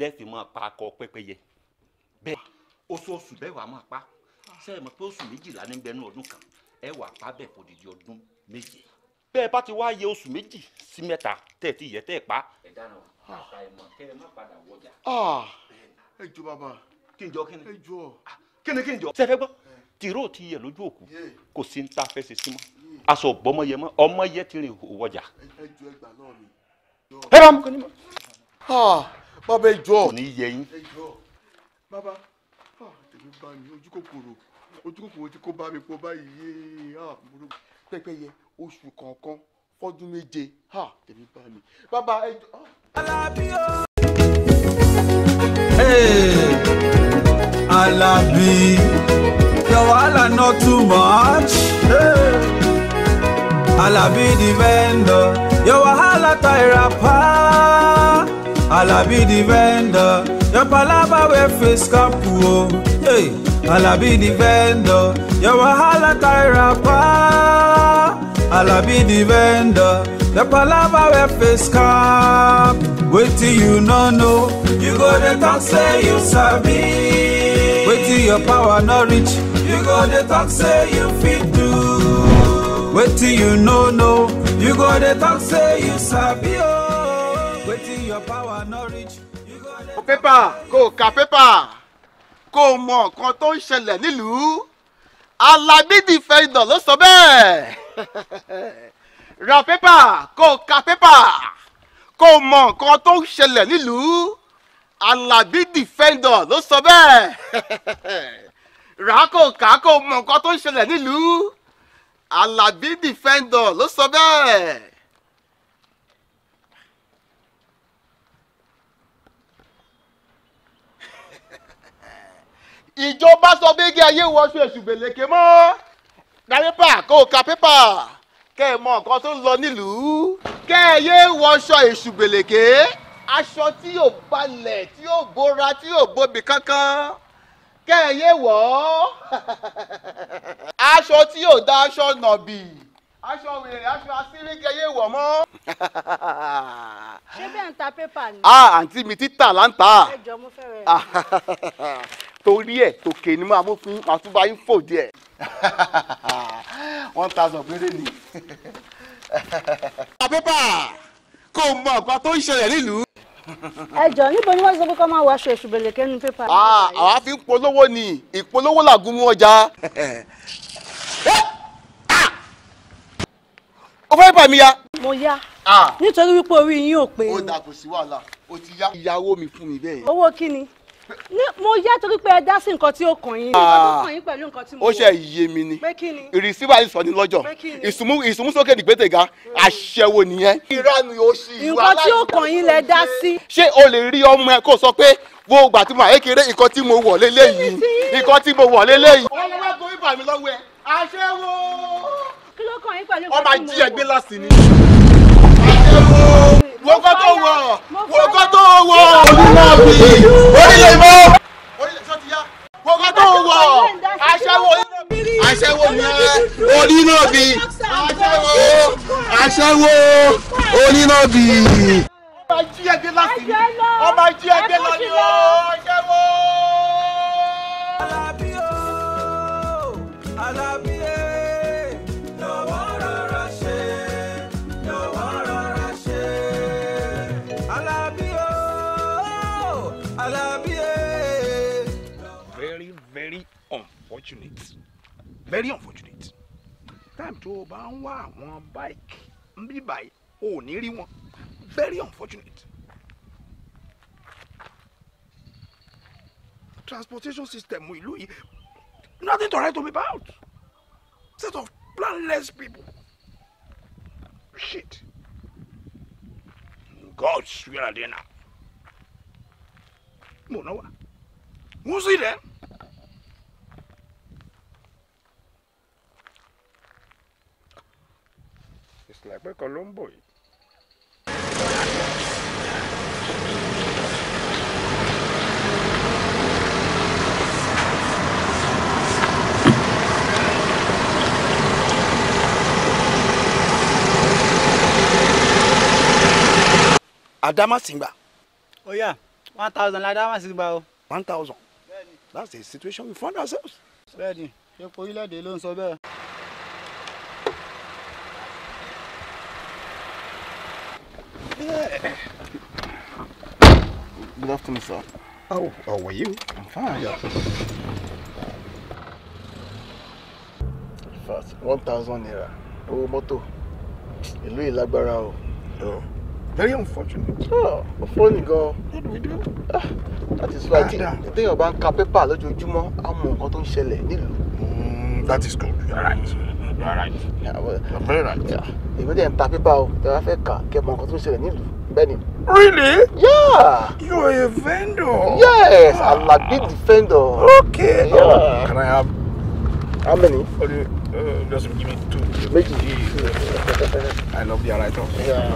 B: lẹ́ẹ̀fì máa pa akọ pẹ́pẹ́yẹ bẹ́ẹ̀ oṣooṣù bẹ́ẹ̀ wàá máa pa sẹ́yìn mọ̀ pé oṣù méjìlá ní bẹ́ẹ̀ ní ọdún kan ẹ wàá pa bẹ́ẹ̀ fún odidi ọdún méje bẹ́ẹ̀ bá ti wá yẹ oṣù méjì sí mẹ́ta tẹ̀ ti yẹ tẹ̀ pa. ẹ dáná àṣà ìmọ̀ kẹ́ ẹ má padà wọjà. Ah! ẹ jọ bàbá kí n jọ kí ni. ẹ ah! jọ n jọ aṣọ ògbọ́mọ yẹ mọ́ ọmọ yẹ ti rìn wọjà. ẹ bá mú kọ́ ni mọ́. bàbá ẹ jọ. kò ní yẹ yín. bàbá tèmi bá mi ojú kòkòrò ojú kòkòrò tí kò bá mi pọ̀ báyìí pẹ́pẹ́yẹ oṣù kọ̀ọ̀kan fọ́dún méje tèmi bá mi. bàbá ẹ jọ.
A: Alábí your wahala no too much. Hey. Alabi the vendor, your wahala tie rapper. Alabi the vendor, your palava we face kapu. Oh. Hey, Alabi the vendor, your wahala tie rapper. Alabi the vendor, your palava we face cap. Wait till you no know, you go dey talk say you sabi. Wait till your power no reach, you go dey talk say you fit wetin you no know you
B: go dey talk say you sabi o oh. wetin your
A: power no reach
B: you go dey. pépà kò ka pépà kò mọ nǹkan tó ń ṣẹlẹ̀ nílùú alábídì fẹ́ndọ̀ ló sọ bẹ́ẹ̀ ra pépà kò ka pépà kò mọ nǹkan tó ń ṣẹlẹ̀ nílùú alábídì fẹ́ndọ̀ ló sọ bẹ́ẹ̀ rà kò ká kò mọ nǹkan tó ń ṣẹlẹ̀ nílùú. Alabi defender ló sọ bẹ́ẹ̀. ìjọba sọ pé kí ayé wọṣọ èṣù gbèlékè mọ́ gba pépà kó o ka pépà kẹ́ ẹ mọ nǹkan tó ń lọ nílùú kẹ́ ẹ yé wọṣọ èṣù gbèlékè aṣọ tí yóò balẹ̀ tí yóò bora tí yóò bobi kankan kẹ́ẹ̀yẹ wọ̀ ọ́ aṣọ tí yóò dá aṣọ nàbì aṣọ wèrè aṣọ asírí
C: kẹ́ẹ̀yẹ wọ̀ mọ́. ṣé bẹ́ẹ̀ ń ta pépà ni. ah àǹtí
B: mi títà là ń tà. ẹ jọ mo fẹ́ rẹ̀ torí ẹ̀ tòkè ni máa mú fún máa yín fò díẹ̀. one thousand péré ni. ta pépà kó o mọ ọ̀pá tó ń ṣẹlẹ̀ nílùú ẹ jọ níbo ni wọ́n sọ pé kọ́ máa wọ aṣọ ìṣùbẹ̀lẹ̀ kẹ́nu pépà. Ah, àwa fi ń polówó ni ìpolówó làgùn mú ọjà. o fẹ́ bà mí ya. mo ya ah. nítorí wípé orí yín ò pé. ó dà kò sí wàhálà ó ti yá ìyàwó mi fún mi bẹ́ẹ̀.
C: owó kí ni mo yá torí pé ẹ dá sí nǹkan tí ó kàn yín ah. nǹkan tó kàn yín
B: pẹ̀lú nǹkan tí mo wọ. ó ṣe yé mi ni ìrísíwá yìí sọ ní lọ́jọ́ ìsúnmúsókè dìgbẹ́tẹ̀gá àṣẹwò nìyẹn. ìranu oṣù ìwà aláìsí nǹkan tí ó kàn yín lẹ dá sí. ṣé o lè rí ọmọ ẹ kó sọ pé wo ìgbà tí mo àyékéré nǹkan tí mo wọ̀ léléyìí nǹkan tí mo wọ̀ léléyìí. ọmọ wa gorí bàmí lọ́wọ́ ẹ àṣẹwò. kí ló kàn yín pẹ̀lú nǹkan wọ́kọ́ tó wọ̀ wọ́kọ́ tó wọ̀ onímọ̀ bí onílẹ̀ mọ́ onílẹ̀ tó ti yá wọ́kọ́ tó wọ̀ aṣẹ́wó aṣẹ́wó onímọ̀ bí aṣẹ́wó aṣẹ́wó onímọ̀ bí. ọba jí ẹgbẹ́ láti ọba jí ẹgbẹ́ láti aṣẹ́wó.
A: Alábí o Alábí.
B: very unfortunate time tó o bá ń wá àwọn báìkì ń bí báyìí o ò ní rí wọn very unfortunate transportation system ìlú yìí nothing to write home about set of planless people shit gods where are they now mo náwa wọ́n sì rẹ̀. láìpẹ́ kan ló ń bọ̀ Oh yeah, one thousand la Adamasingba o. one thousand. That's the situation we found ourselves. Ready. epo orílẹ̀-èdè ló ń sọ bẹ́ẹ̀. Come this Oh, oh, were you? I'm fine. Yeah. First, one thousand naira. Oh, moto. Ìlú yìí o. Oh. Very unfortunate. Oh, a funny gan. What do we do? Ah, that is why ah, téèyàn bá ń ka pépà lójoojúmọ́, á mọ nǹkan tó ń ṣẹlẹ̀ nílùú. Mm, that is good. You right. You right. Yeah, well, I'm very right. Ìwé dẹ̀ ń ta pépà o, tẹ̀wá fẹ́ kà kẹ́ mọ nǹkan tó ń ṣẹlẹ̀ nílùú. Bẹ́ẹ̀ni. Really? Yeah. You are a vendor. Yes, ah. I'm a big vendor. Okay. Yeah. Oh, can I have? How many? Okay, oh, uh, just give me two. Make it. I love the right off. Yeah.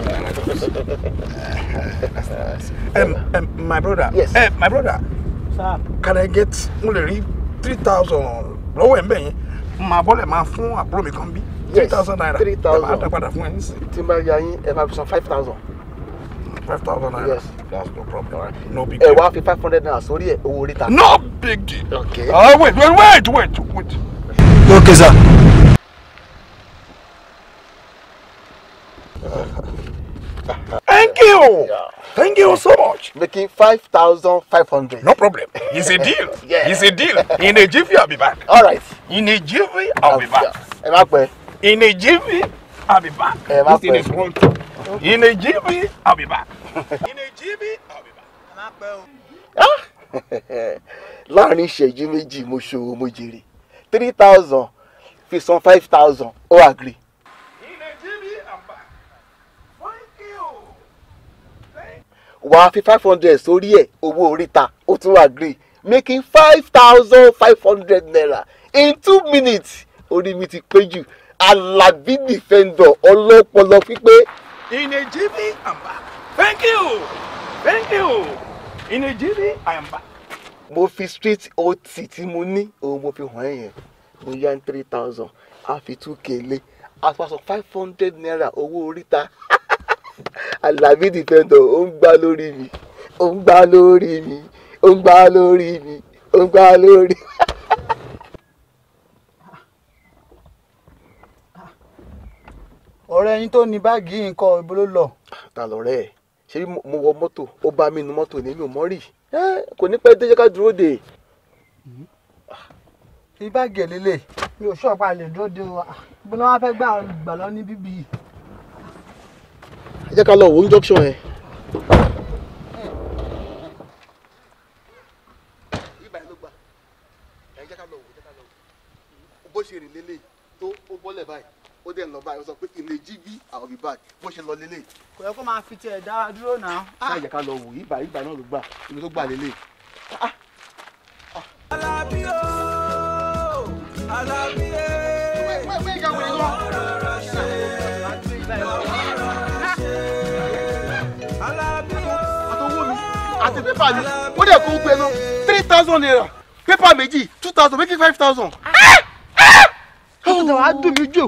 B: That's nice. Um, um, my brother. Yes. Uh, my brother. Sir. Can I get only three thousand? Lọ́wọ́ ẹ̀ ń bẹ̀ yẹn, màá bọ́lẹ̀ máa fún àbúrò mi kan bí. Three thousand naira. Three thousand. Ẹ máa dá padà fún ẹ nísìnyí. Tí n bá yá yín, ẹ máa fi san five thousand five thousand yes that's no problem. All right. no big deal. ẹ wá fi five hundred naira sórí ẹ owó no big deal. okay. Uh, wait wait wait wait wait. okay sir. Thank you. Yeah. Thank you so much. Making 5,500. No problem. It's a deal. yeah. It's a deal. In a jiffy, I'll be back. All right. In a jiffy, I'll be back. Ẹ má In a jiffy, I'll be back. Ẹ má pẹ́. This thing is wrong. Okay. In a GB, I'll be back. In a GB, I'll be back. Ah? Láàrin ìṣẹ́jú méjì mo ṣòwò mo jèrè three thousand fi san five thousand ó agree. wàá fi five hundred sórí ẹ̀ owó oríta ó tún agree making five thousand five hundred naira in two minutes orí mi ti pé jù alábí dìfẹ́ndọ̀ ọlọ́pọlọ pípé. In a jiffy, I'm back. Thank you. Thank you. In a jiffy, I am back. Mo fi street OT tí mo ní òun mo fi hàn yẹn. Mo yá ní three thousand. A fi two k lé. A fa five hundred naira owó oríta. Àlàbí dìfẹ́ntọ̀ ó ń gbá lórí mi. Ó ń gbá lórí mi. Ó ń gbá lórí mi. Ó ń gbá lórí mi. ọ̀rẹ́ yín tó ní báàgì yìí nǹkan ibo ló lọ. ta lọ̀rẹ́ ẹ̀ ṣé mo wọ mọ́tò ó bá mi nu mọ́tò ní mi ò mọ́ rì kò ní pẹ́ déjẹ́ dúró dè. fi báàgì ẹ̀ lélẹ̀ mi ò ṣọ́ọ̀pá lè dúró de o ah, ibo ni wọ́n fẹ́ gbà gbà lọ ní bíbí. ẹ jẹ́ ká lọ wo injunction yẹn. bó ṣe rìn lélẹ̀ tó ó bọ́lẹ̀ báyìí ó dẹ̀ ń lọ báyìí ó sọ pé ilé jíbí àwọn òbí báyìí bó ṣe lọ lélẹ̀. kò yẹ kó máa fi tiẹ̀ dá dúró náà. ṣáàjẹ ká lọ wò ibà ibà náà ló gbà ibi tó gbà lélẹ̀. alábí o
A: alábí e. wẹ́ẹ́ lọ.
B: alábí o àtọwọ́ mi àti pépà mi ó dẹ̀ kó gbẹ three thousand naira pépà méjì two thousand méjì five thousand. Ah, ah. ó ti dàwọn á dùn mí jù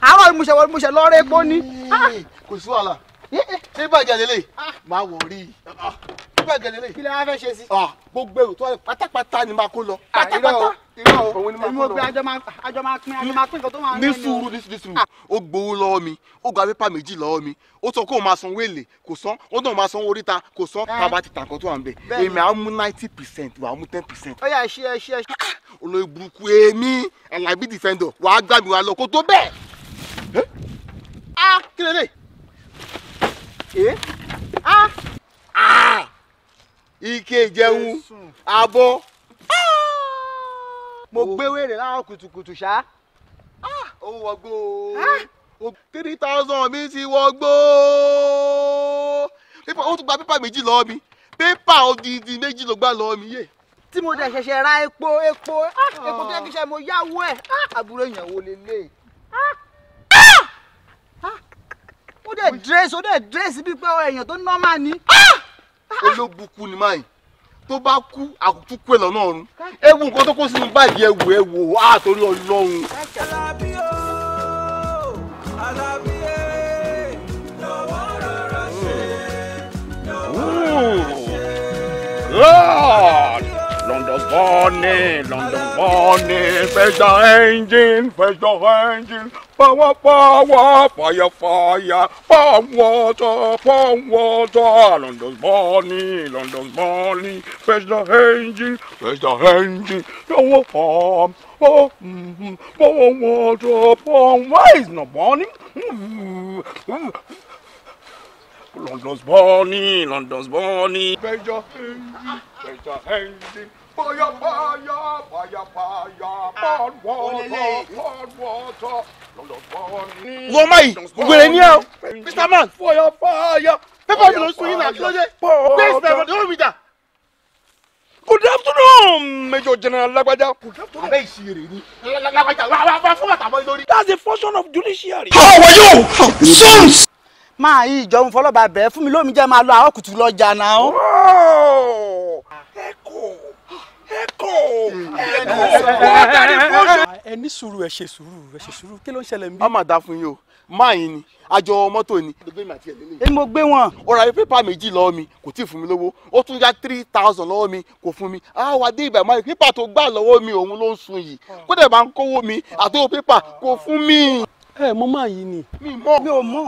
B: àárọ̀ mo ṣe mo ṣe lọ́ọ́ ní. Ah. kò sí wàhálà eh, eh. ṣé bàjẹ́ lélẹ̀ ah. máa wọ̀ rí ah. i bàjẹ́ lélẹ̀. kí lè wá fẹ́ ṣe sí. gbogbo èrò tó wà pátápátá ni máa kó lọ. pátápátá irọ́ èmi ò gbé àjọ máa àjọ máa pín àjọ máa pín nǹkan tó máa ń lọ. ní sùúrù ní sùúrù ó gbowó lọ́wọ́ mi ó gba pépà méjì lọ́wọ́ mi ó sọ pé òun máa san wéèlè kò san ó náà máa san oríta kò san bàbá eh. ti tà nǹkan tó wà ń bẹ̀ èmi á mú ninety percent wà á mú ten percent. ó yá ẹ ṣe ẹ ṣe. olóyè burúkú èmi alábí defender wàá gbàgbé wa lọ kó tó bẹ́ẹ̀. Ah, kílẹ̀ lè a ah! a ah! ike abo. Ah. mo gbé wèrè láàárọ̀ kùtùkùtù ṣá ah! ó wọgbó three thousand mi ti wọgbó ó tún gba pépà méjì lọ́ọ́ mi pépà odidi méjì ló gbà lọ́ọ́ mi yé tí mo dẹ̀ ṣẹ̀ṣẹ̀ ra epo epo epo tó yẹ kí ṣe mo yáwó ẹ̀ àbúrò èèyàn wo Ah ó dẹ̀ dírẹ́sì ó dẹ̀ dírẹ́sì bíi pé èèyàn tó nọ́mà ni. olóbùkún ah! ni máa yìí tó bá kú àkùtù kú ẹ lọ́nà ọ̀run ewu nǹkan tó kó sínú báyìí ẹwù ẹwù á ah, torí ọlọ́run. alábí e, warning, London warning. Fetch the engine, fetch the engine. Power, power, fire, fire. Pump water, pump water. London's warning, London's warning. Fetch the engine, fetch the engine. Power, pump. Oh, mm -hmm. Pour water, pour why is not burning? Mm -hmm. Mm-hmm. London's burning, London's burning. Major Henry, Major engine. fire, fire, fire, fire, burn
A: water,
B: burn water. Wọ́n máa yìí, wèrè ní ẹ o, Mr. Man. Pépà mi ló ń sun yín náà, kí Bẹ́ẹ̀ sì bẹ̀rẹ̀ lórí mi dà. Good afternoon, Major General Lagbaja. Good afternoon. Abẹ́ ìṣirè ni. Lagbaja, wà á fún bàtà mọ́ lórí. That's the function of judiciary. How are you? Sons! Máa yí ìjọ ń fọlọ́ba bẹ̀ẹ́ fún mi lómi jẹ́ máa lọ àwọn kùtù lọ jà náà. kò sùúrù ẹ ṣe sùúrù ẹ ṣe sùúrù kí ló ń ṣẹlẹ̀ ń bí. a máa dá fún yín o máa ni àjọ mọ́tò ni. èmi mo gbé wọn. ó ra pépà méjì lọ́wọ́ mi kò tí ì fún mi lówó ó tún já three thousand lọ́wọ́ mi kò fún mi á wà dé ìgbà máa pépà tó gbà lọ́wọ́ mi òun ló ń sun yìí kó dẹ̀ máa ń kówó mi àtòwò pépà kò fún mi. ẹ mo máa yín ni. mi mọ mi ò mọ.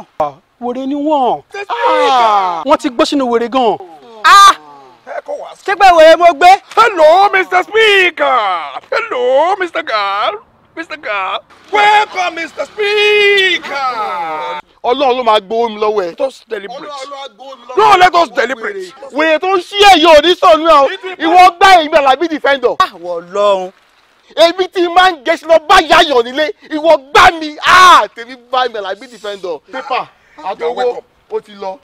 B: wèrè ni wọn. Ah! wọ́n ti gbọ́ sínú wèrè gan-an. Ah! ECOWAS. ṣé pé wèrè mo gbé. hello mr speaker hello mr gal mr gal welcome mr speaker. Ọlọ́run ló máa gbowó mi lọ́wọ́ ẹ̀. let us celebrate. no let us deliberate. wèrè tó ń ṣí ẹ̀yìn òní sọ̀nù ẹ̀ o ìwọ gbá èmi Àlàbí defender. àwọ̀ ah, Ọlọ́run. èmi tí máa ń gẹ̀ẹ́sì lọ bá yáyọ̀ nílé ìwọ gbá mi ah, tèmi bá èmi Àlàbí defender. pépà àtọwọ́ ó ti lọ.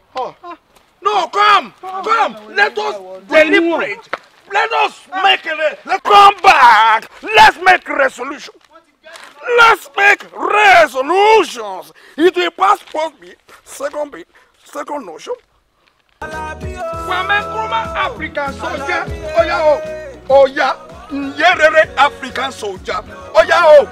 B: No, come, come. Let us deliberate. Let us make a. Let's come back. Let's make resolution. Let's make resolutions. It will pass first bit, second Be second notion. Kwame Nkrumah oh yeah. Oh o, oya, Nyerere African soldier, oh yeah.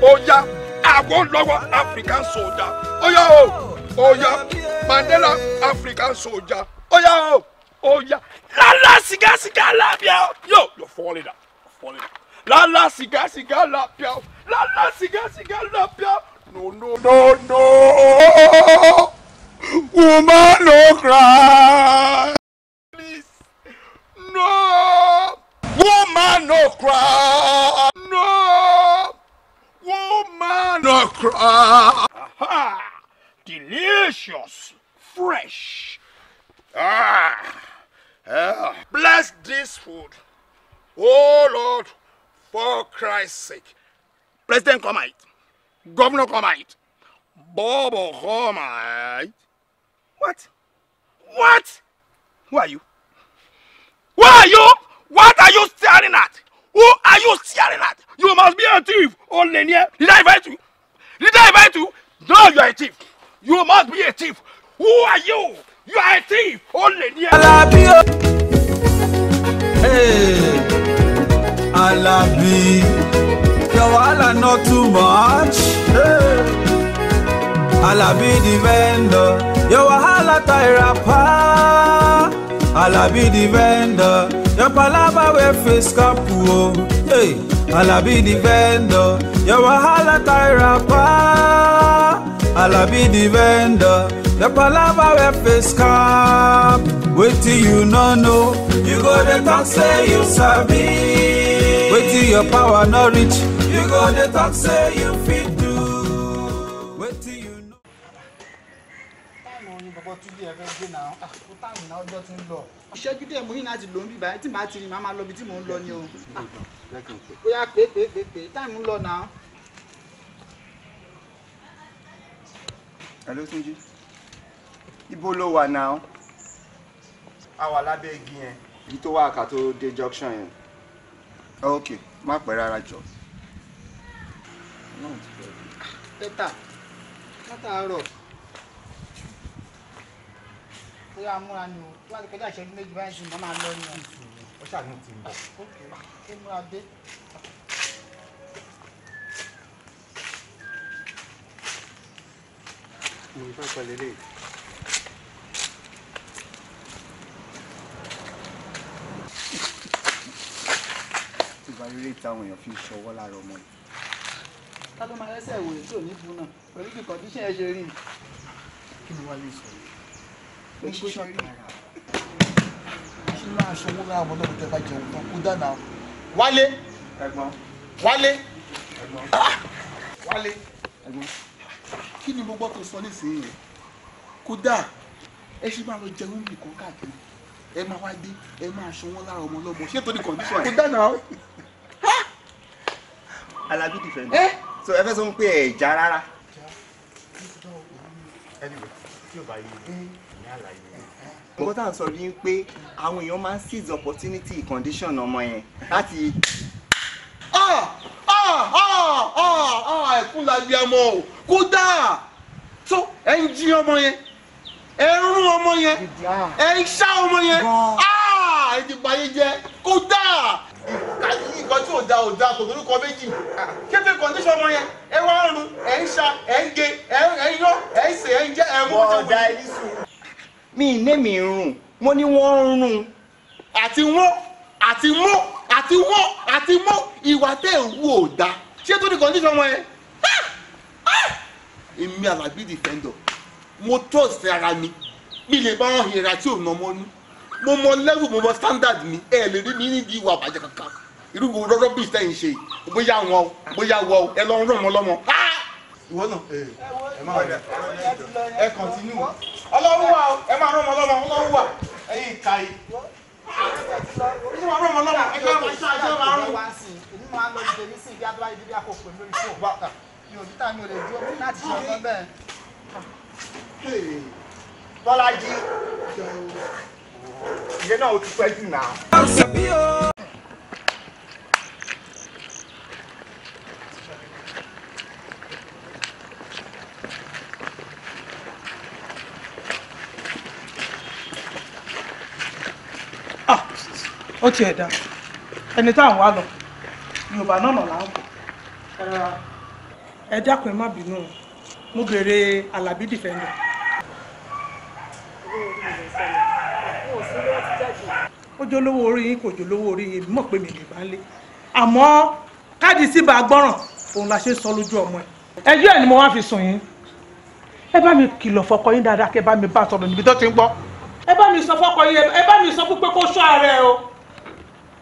B: oya, Agbo Lowo African soldier, oya o oya Mandela African soldier oya o oya lala siga siga labia o yo you falling down falling down lala siga siga labia o lala siga siga labia o no no no no woman no cry please
E: no woman no cry no woman no cry. Aha delicious,
B: fresh. Ah, ah. Bless this food, oh Lord, for Christ's sake. President Comite, Governor Comite, Bobo come Comite. What? What? Who are you? Who are you? What are you staring at? Who are you staring at? You must be a thief, old Lenier. Did I invite you? Did I invite you? No, you are a thief you must be a thief who are you you are a thief olè ní
A: Hey, Alábí o Alábí your wahala not too much Alábí the vendor your wahala tire pa Alábí the vendor your palava wey face cap o. Hey. Alabi the vendor, your wahala tire pa alabi the vendor the palava wey face cap wetin you no know you go dey talk say you sabi wetin your power no reach you go dey talk say you fit do wetin you know.
B: táìmù oyin bọ̀bọ̀ tún bí ẹ fẹ́ gbé náà kó ah, táìmù náà ọjọ́ tún lọ. ìṣẹ́jú díẹ̀ mo yín láti lò ń bí báyìí tí màá ti rìn màá máa lọ ibi tí mò ń lọ ni o. Ah, bóyá pé pé pé pé táìmù ń lọ náà. Hello, Túnjí. Ibo ló wà náà? A wà lábẹ́ igi yẹn. Igi de wà àkà tó dé junction yẹn. Ok, má pẹ́ rárá jọ. Pẹ́tà, ah, látàárọ̀.
C: Bóyá amúra ni o, wá ti kọjá ìṣẹ́jú méjì báyìí sí, màá máa lọ ni o.
B: Ó ṣàdúrà ti ń bọ̀. Ó múra mo ìfẹ́ pẹ̀lú eléyìí. ìgbà rere táwọn èèyàn fi ń ṣọwọ́ lára ọmọ yìí. ká ló máa rẹ́sẹ̀ ìwé tí ò ní bu náà pẹ̀lú bí kọ̀díṣẹ́ ẹ ṣe rí. kí ni wàá lè sọ yìí. pé ṣíṣọ́ kára. ṣé máa ṣọwọ́ lára ọmọ náà tó bá kí ni mo gbọ́ tó sọ nísìnyí yẹn kódà ẹ ṣe máa lọ jẹun nìkan káàkiri ẹ máa wá dé ẹ máa ṣan wọn lára ọmọ ọlọ́mọ ṣé torí kọ̀ǹdíṣọ̀ ẹ̀. kódà náà alábí dìfẹ̀ndì eh? so ẹ fẹ́ sọ pé ẹ̀ já rárá. Eh. nǹkan tá à ń sọ ni pé àwọn èèyàn máa ń seize opportunity condition ọmọ yẹn láti ẹ̀kú la bí ọmọ o kódà tó ẹ ń jí ọmọ yẹn ẹ ń rún ọmọ yẹn ẹ ń ṣá ọmọ yẹn ah, ẹ ti báyé jẹ́ kódà kàyí nǹkan tí ò da ò da kò lórúkọ méjì kété kọ̀ǹdíṣọ̀ ọmọ yẹn ẹ wá ń ẹ ń ṣa ẹ ń ge ẹ ń yọ ẹ ń sè ẹ ń jẹ ẹ mú ọjọ́ ìdá ẹni sùn. mi ilé mi rùn wọn ni wọn ń àti wọn àti wọn àti wọn àti wọn ìwà tẹ ẹ wú ò da ṣé tó ní kọ̀ǹdíṣọ̀ ọmọ yẹn èmi alábí defender mo trust ara mi mi lè bá wọn hìrà tí ò ná mọ́ ní mo mọ level mo mọ standard mi ẹ lè rí mi nídìí ìwà àbàjẹ́ kankan irú wo rọ́rọ́ bí ìtẹ́ ń ṣe bóyá wọn o bóyá wọ o ẹ lọ ń ràn wọn lọ́mọ. ìwọ náà ẹ máa rẹ ẹ kọ́ntínú ọlọ́run wà o ẹ máa ràn wọn lọ́mọ ọlọ́run wà ẹ̀yìn ìka yìí ẹ máa ràn wọn lọ́mọ ẹ máa ràn wọn lọ́mọ mi ò títà mi ò lè dúró láti ṣe ọgbọ́n bẹ́ẹ̀. Bọ́lájí ìyẹn náà ó ti pẹ́ jù náà. Ah, ẹ dákun ẹ má bínú mo bèrè alábí dìfẹ́ndà. ó jólówó orí yín kò jólówó orí yín mọ̀ pé mi lè bá ń lé àmọ́ káàdì sí bá a gbọ́ràn òun la ṣe sọ lójú ọmọ ẹ. ẹjọ́ ẹ̀ ni mo wá fi sùn yín ẹ bá mi kìlọ̀ fọkọ yín dáadáa kẹ bá mi bá sọ̀rọ̀ níbi tó ti ń gbọ́. ẹ bá mi sọ fọkọ yín ẹ bá mi sọ fún pé kó ṣọ́ ara o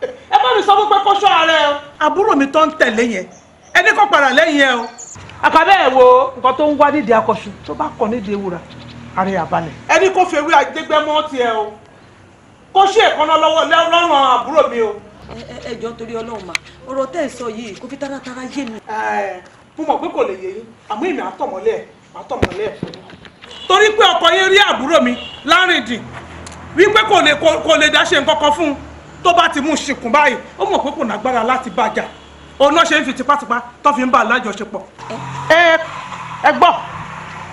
B: ẹ bá mi sọ fún pé kó ṣọ́ ara ẹ o. àbúrò mi tó ń tẹ̀lé yẹn ẹni kò padà lẹ́yìn ẹ o àkàbẹ́ ewo nkan to tó ń wá nídìí akọ̀ṣù tó bá kọ̀ nídìí abale àrẹ àbalẹ̀. ẹni kò fi ewé àgbégbẹ́ mọ́ tiẹ̀ o kó ṣe ìkànnà lọ́wọ́ lọ́rùn àbúrò mi o.
D: ẹ jọ torí ọ̀rọ̀ tẹ́ ẹ kò fi taratara yé mi.
B: mo mọ̀ pé kò lè yé yín àmọ́ èmi àtọ̀mọ́lẹ̀ àtọ̀mọ́lẹ̀ ri pé ọkọ yẹn rí mi fún ti pé kò òun náà ṣe ń fi tipátipá tó fi ń bá alájọṣepọ̀. ẹ ẹ gbọ́.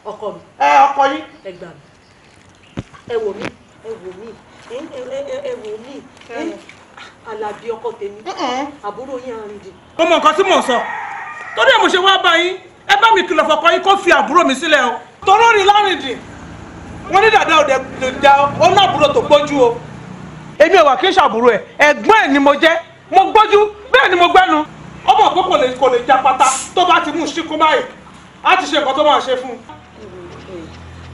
C: ọkọ mi. ẹ ọkọ yín. ẹ gbà mí
D: ẹ wò mí ẹ wò mí ẹ wò mí alábí ọkọ tèmi àbúrò yín àrìndì.
B: mo mọ nǹkan tí mò ń sọ torí ẹ mo ṣe wáá bá yín ẹ bá mi kìlọ̀ fọkọ yín kó fi àbúrò mi sílẹ̀ o torọ́ rí lárìndì wọ́n ní dàda òde dà ó ní àbúrò tó gbójú o èmi ò wà kí n ṣàbúrò ẹ ẹ̀gbọ́n ẹ̀ ni mo jẹ́ mo gbójú bẹ́ẹ̀ ni mo gbẹ́nu ọmọ pé kò lè kò lè japata tó bá ti mú un ṣíkú báyìí á ti ṣe nǹkan tó máa ṣe fún
D: un.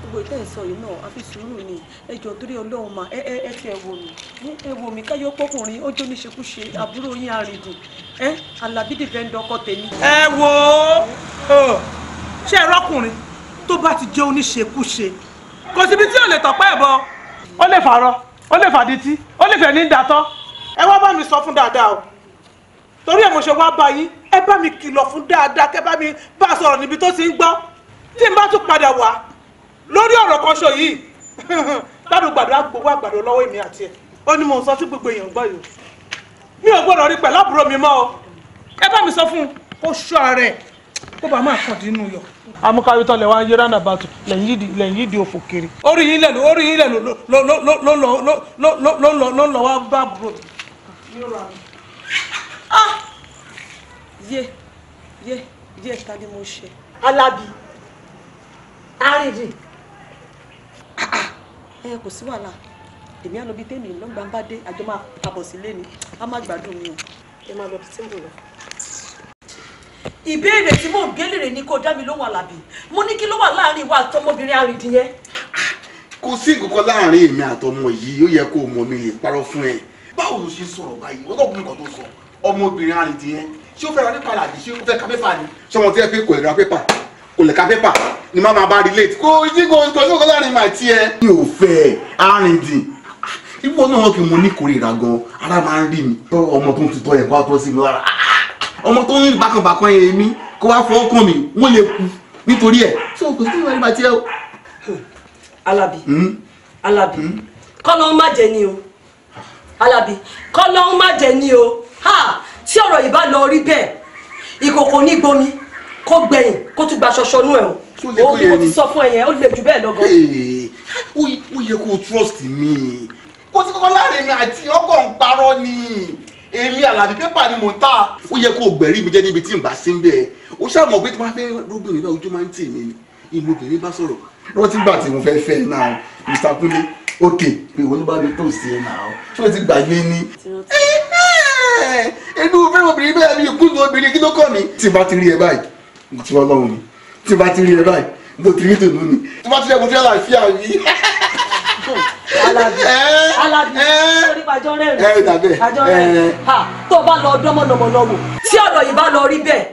D: gbogbo ìtẹ́ ìsọ yìí náà àfi sùúrù ni ẹjọ́ torí ọlọ́run mà ẹ ẹ ẹ ti ẹ wò mí ẹ wò mí káyọ̀ pọ́kùnrin ó jó níṣekúṣe àbúrò yín àrìndùn ẹ alábídì fẹ́ ń dọ́kọ tèmi. ẹ wo
B: ṣé ẹ rọkùnrin tó bá ti jẹ́ oníṣekúṣe kò síbi tí ò lè tọ̀pẹ́ ẹ̀ bọ ó lè fàárọ̀ ó lè fàdítí ó lè fẹ̀ ní dàtọ́ ẹ wá bá mi sọ fún dáadáa o torí ẹ̀ mo ṣe wá bá yín ẹ bá mi kìlọ̀ fún dáadáa kẹ́ bá mi bá a sọ̀rọ̀ níbi tó ti ń gbọ́ tí n bá tún padà wá lórí ọ̀rọ̀ kan ṣo yìí gbàdúgbàdú àgbòwò àgbàdo lọ́wọ́ èmi àti ẹ̀ ó ní mo sọ sí gbogbo èèyàn gbọ́ yìí mi ò gbọ́dọ̀ rí pẹ̀lú àbúrò mi mọ́ o ẹ bá mi sọ fún un kó ṣọ́ ara ẹ̀ kó bá máa kàn dínú yọ. amúkárí tán lè wá ń yé ránà bàtù lẹ́yìn yídìí òfò kiri. orí yín lẹ́nu orí yín lẹ́nu ló ń lọ wá bá àbúrò
D: mi. ah yé ta ni mo ṣe. alábi ah, ah. kò sí wàhálà èmi á lọ bí tèmi lọ́gbà bá ni a mi o. mo lọ. ìbéèrè tí mò ń bẹ́lẹ̀rẹ̀ kò dá mi mo ní kí ló wà láàrin wa àtọmọbìnrin arìnrìn
B: kò sí nǹkan láàrin èmi àtọmọ yìí ó yẹ kó o mọ mi lè parọ́ fún ẹ báwo ló ṣe sọ̀rọ̀ báyìí ọlọ́kùnrin tó sọ ọmọbìnrin àrìndì yẹn ṣé ó fẹ́ ra pépà làdí ṣé ó fẹ́ ka pépà ni. sọmọ tí ẹ fi kò ra pépà kò lè ka pépà ni má máa bá relate kò sí kò sí kò láàrin màá tiẹ. mi ò fẹ́ àrìndì ibo náà kì í mo ní kórìíra gan ara máa ń rí mi. ọmọ tó ń tutọ́ yẹn kó tó sí mi lára ọmọ tó ń bákanbákan yẹn mi kó wá fọwọ́ kàn mí wọ́n lè kú nítorí ẹ̀ ṣé kò sí ìwà ìbàjẹ́ o.
D: Alábí hmm? Alábí kọ́ ló ń má jẹ ni o Alábí kọ́ ló ń má jẹ ni o tí ọ̀rọ̀ yìí bá lọ rí bẹ́ẹ̀ ìkòkò ní gbomi
B: kó gbẹ̀yìn kó tún gba ṣọṣọ nú ẹ̀ o ó ní mo ti sọ fún ẹ yẹn ó lè jù bẹ́ẹ̀ lọ́gọ́. ó yẹ o trust mi kó tí kọ́kọ́ láàrin mi àti ọkọ̀ ń parọ́ ni èmi àlàbí pépà ni mò ń tà ó yẹ kó o gbẹ̀rí mi jẹ́ níbi tí n bá sí ń bẹ́ẹ̀ o ṣàmọ̀ pé tí wọ́n fẹ́ rúbìnrin náà ojú máa ń tì mí ìlú obìnrin bá sọ̀rọ̀ rántí gbà tí mo fẹ́ fẹ́ náà Mr. Kunle ókè pé olúbàbí tó sí ẹ náà ṣé o ti gbàgbé ni ẹnu fẹ́ràn obìnrin bẹ́ẹ̀ mi ìkúlù obìnrin kí ló kọ́ mi. tí n bá ti rí ẹ báyìí mo ti wọ́n lọ́rùn mi tí n bá ti rí ẹ báyìí mo ti rí dùnú mi tí n bá ti rí ẹ mo ti rí àlàáfíà mi.
D: Aládì Aládì sórí pàjọ rẹ rẹ pàjọ rẹ ha tó bá lọ ọdún ọmọlọmọ lọ wò tí ọ̀rọ̀ yìí bá lọ rí bẹ́ẹ̀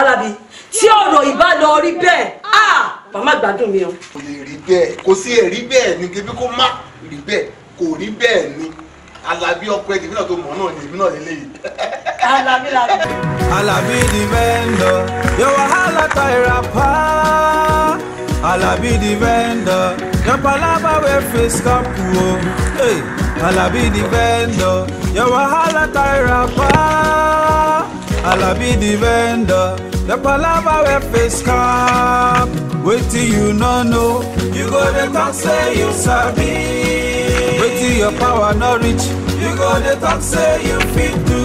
D: Aládì
B: tí ọ̀rọ̀ yìí bá lọ rí bẹ́ẹ̀ ah màmá gbádùn mi o. kò lè rí bẹ́ẹ̀ kò sí ẹ̀rí bẹ́ẹ̀ ni kébí kó má rí bẹ́ẹ̀ kò rí bẹ́ẹ̀ ni. Àlàbí ọkọ ẹ̀dì mìíràn tó mọ̀ náà ni mìíràn lè léyìí. Àlàbí làbí. Àlàbí the vendor, your wahala tie wrapper.
A: Àlàbí the vendor, your palava wey face cap o. Àlàbí the vendor, your wahala tie wrapper. Àlàbí the vendor, your palava wey face cap. Wetin you no know, you go dey talk say you sabi. power no reach you go the talk say you fit do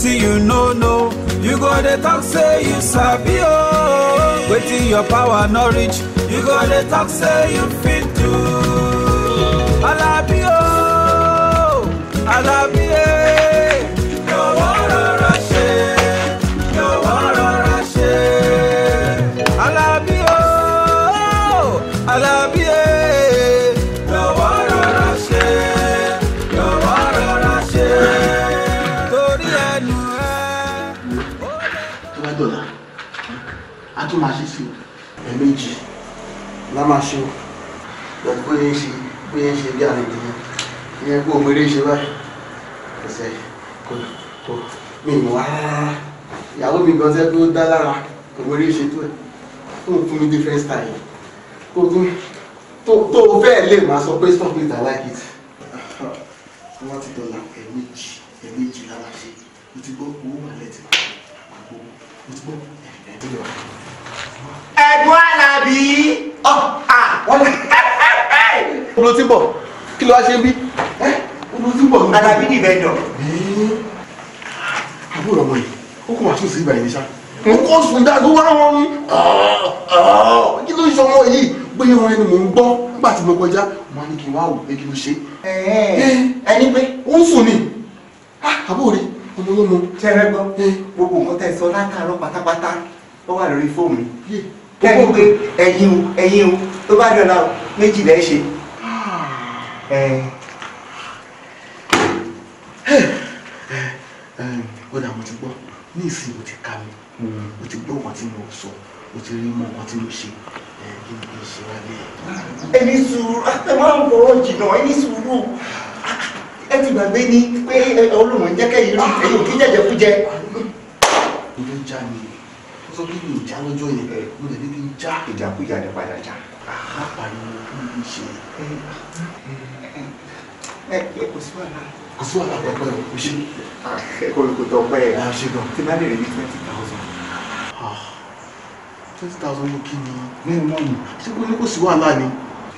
A: till you no know you go the talk say you sabi oh till your power no reach you go the talk say you fit do alabi oh alabi.
B: tí màá ṣe sí ẹ̀ẹ̀mejì la máa ṣe lọ́dún bóyá ń ṣe bóyá ń ṣe bí àlejò yẹn ìyẹn kó o mèrè ṣe báyìí ẹsẹ̀ kò tó mi mọ̀ rárá ìyàwó mi gan sẹ́ pé ó dá lára kò mèrè ṣe tó ẹ̀ tó ń fún mi different style tó tún tó o fẹ́ẹ̀ lè máa sọ pé stop it I like it wọ́n ti dọ̀là ẹ̀ẹ̀mejì ẹ̀ẹ̀mejì la máa ṣe mo ti gbọ́ owó wà lẹ́tì mo ti gbọ́ ẹ̀ẹ́dẹ́gbẹ̀rún ẹ̀gbọ́n alábí ọ à wọ́n ní. olú ti bọ̀ kí ló wá ṣe bí. olú ti bọ̀ ní. alábí ní ìbẹ̀ dọ̀. àbúrò ọmọ yìí ó kò wá sùn sí ibà yìí ṣá. n hm? kò sùn dáa tó wá wọn ni. Ah, ah, kí ló ń sọ ọmọ yìí gbóyè wọn ni mò ń gbọ́ nígbà tí mo kọjá wọn ni kí n wá wò pé kí ló ṣe. Eh. ẹni pé ó ń sùn ni ah, àbúrò rẹ olówó mu. tẹ́rẹ́ gbọ́ eh. gbogbo nǹkan tẹ̀ sọ látàárọ̀ pátápátá ó wà lórí fóònù mi eh kẹ́kọ̀ọ́ pé ẹ̀yin o ẹ̀yin o tó bá dọ̀la o méjì lẹ́ ṣe.
E: Ah.
B: ó mo ti gbọ́ ní ìsìn o ti ka mi hmm. o ti gbọ́ nǹkan tí mo sọ o ti rí mọ nǹkan tí mo ṣe kí ni kí n ṣe wá lé. ẹni sùúrù ẹ máa ń bọ̀rọ̀ jìnnà ẹni sùúrù ẹ ti gbàgbé ni pé Ọlọ́run jẹ́ kẹ́yìn rí ẹ̀yìn òkè jẹ́jẹ́ kú jẹ. ilé ń já mi ó sọ pé mi ò já lọ́jọ́ yẹn ẹ mo lè débi já ìjàkújà ní padà já àhápa ni mo kú ní ṣe ẹ ẹ kò sí wàhálà kò sí kò kò kò tọ pẹ ẹ ṣe gan tí má lè rí twenty thousand ah, twenty thousand ló kí ni lẹ́yìn náà nù ṣé kò ní kò sí wàhálà ni.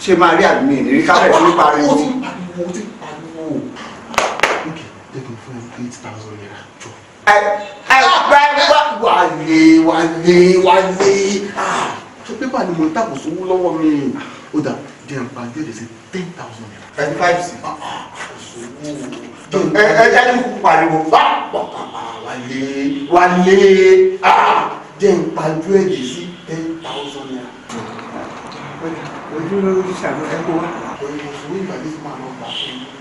B: ṣé máa rí àdúmí ìrírí ah, ká bẹ̀rẹ̀ sí ah, pariwo. ó ti pariwo ó ti pariwo. ok jẹ́ kí n fún ẹ eight thousand naira jọ ẹgbẹ́ wálé wálé wálé tó ah, pépà ni mo ń tàkùn sówó lọ́wọ́ mi ó dà jẹ́ n pa jẹ́ lẹ́sẹ̀ ten thousand naira. ẹni five ah, ah, sí. ẹ ẹ ẹni kúkú pariwo bá wálé wálé jẹ́ n pa jẹ́ lẹ́sẹ̀ ten thousand naira. ojú ló ń ṣàlùfẹ́ kó wá. ọ̀rẹ́ mo fún ìgbàlejò máa lọ gbà fún mi.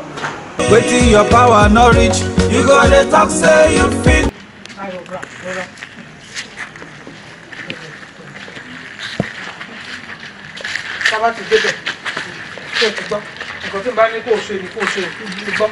A: wetin your power no reach
B: you go dey talk say you fit. tábà ti débẹ̀ ṣé o ti gbọ́ nǹkan tí n bá ní kó o ṣe ni kó o ṣe o ti gbọ́.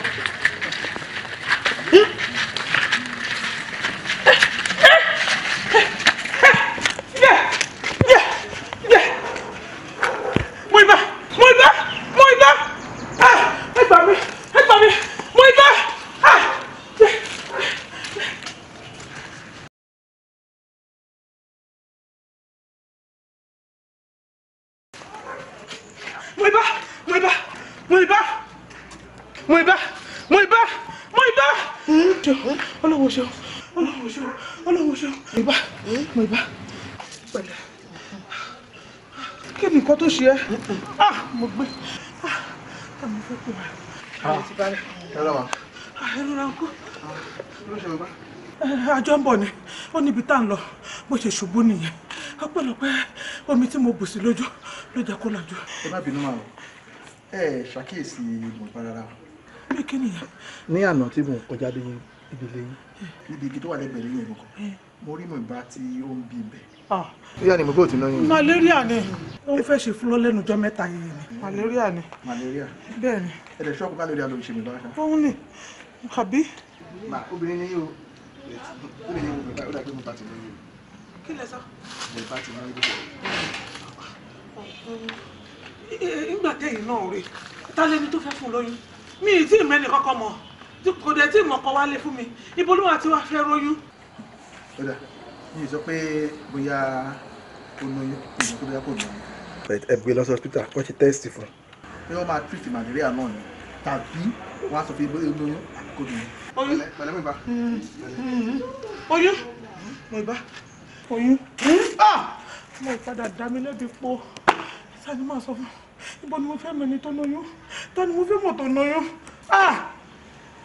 B: ń lọ bó ṣe ṣubú nìyẹn ọpẹ́lọpẹ́ omi tí mo bù sí lójú ló jẹ́ kó làjú. ẹ má bínú màá ẹ ṣàkíyèsí Mohbad rárá. bí kí nìyẹn. ní àná tí mò ń kọjá dé ibi ilé níbi eh. igi tó wà lẹ́gbẹ̀ẹ́ lẹ́yìn ìmọ̀kọ eh. mo rí Mohbad tí ó ń bí ibẹ̀. Ah. bóyá ni mo bó ti ná yín. malaria ni ó ń fẹ́ ṣe fúlọ́ lẹ́nu ọjọ́ mẹ́ta yìí ni. malaria ni. malaria. bẹ́ẹ̀ ni. ẹ̀dẹ̀ ṣọ́ọ̀kù malaria ló ń ṣe mi lọ́wọ́ ó lè yẹ wo mi báyìí ó dàgbé mo bá ti lóyún. kí lẹ sọ. mo bá ti lóyún púpọ̀. ìgbà tẹ̀yìn náà rè ta lẹni tó fẹ́ fún lóyún mi ì tí ì mẹ́ni kọ́kọ́ mọ̀ kò dẹ̀ tí ì lọ sí hospital kó ṣe tẹ́sítì fún. pé wọ́n máa tírìtì màlẹ́ríà náà ni tàbí wọ́n á sọ fún ibi lóyún àkókò lóyún oyún hmm. Hmm. oyún mo ìbá oyún ah! mo ìpadà dá mi lẹ́bi po sani máa sọ fún ibo ni mo fẹ́ mẹ́ni tó lóyún tó ni mo fẹ́ mọ̀ tó lóyún ah!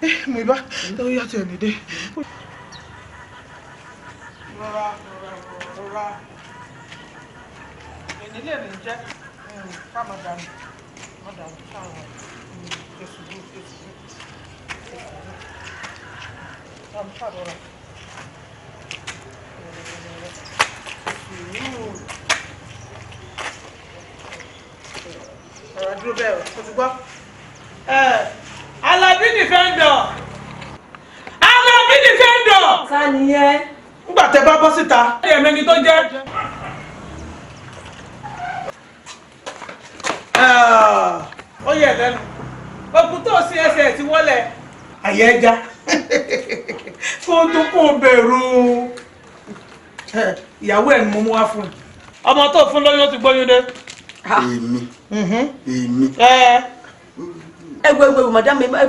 B: eh, mo ìbá tó yàtọ̀ ẹ̀ nídé.
A: rọra rọra rọra èyí lè rìn jẹ́ hmm, ká má dànù
D: má dànù sáwọn èsùn èsùn èsùn. Tamam, hadi oraya.
B: Ọ̀rọ̀ dúró bẹ́ẹ̀ o
D: ti ni yẹn? Nígbà tẹ bá bọ́ síta. Ẹ̀yẹ̀ mẹ́ni tó jẹ́.
C: Ó yẹ lẹ́nu.
B: Okùn tó sí ẹsẹ̀ ti wọ́lẹ̀. Àyẹ̀ ẹja. kó tó kó bẹ̀rù ìyàwó ẹ̀ mú wá fún un. ọmọ tó fún lóyún ti gbóyún dé. èmi èmi.
D: ẹgbẹ́ ẹgbẹ́ madam ẹ má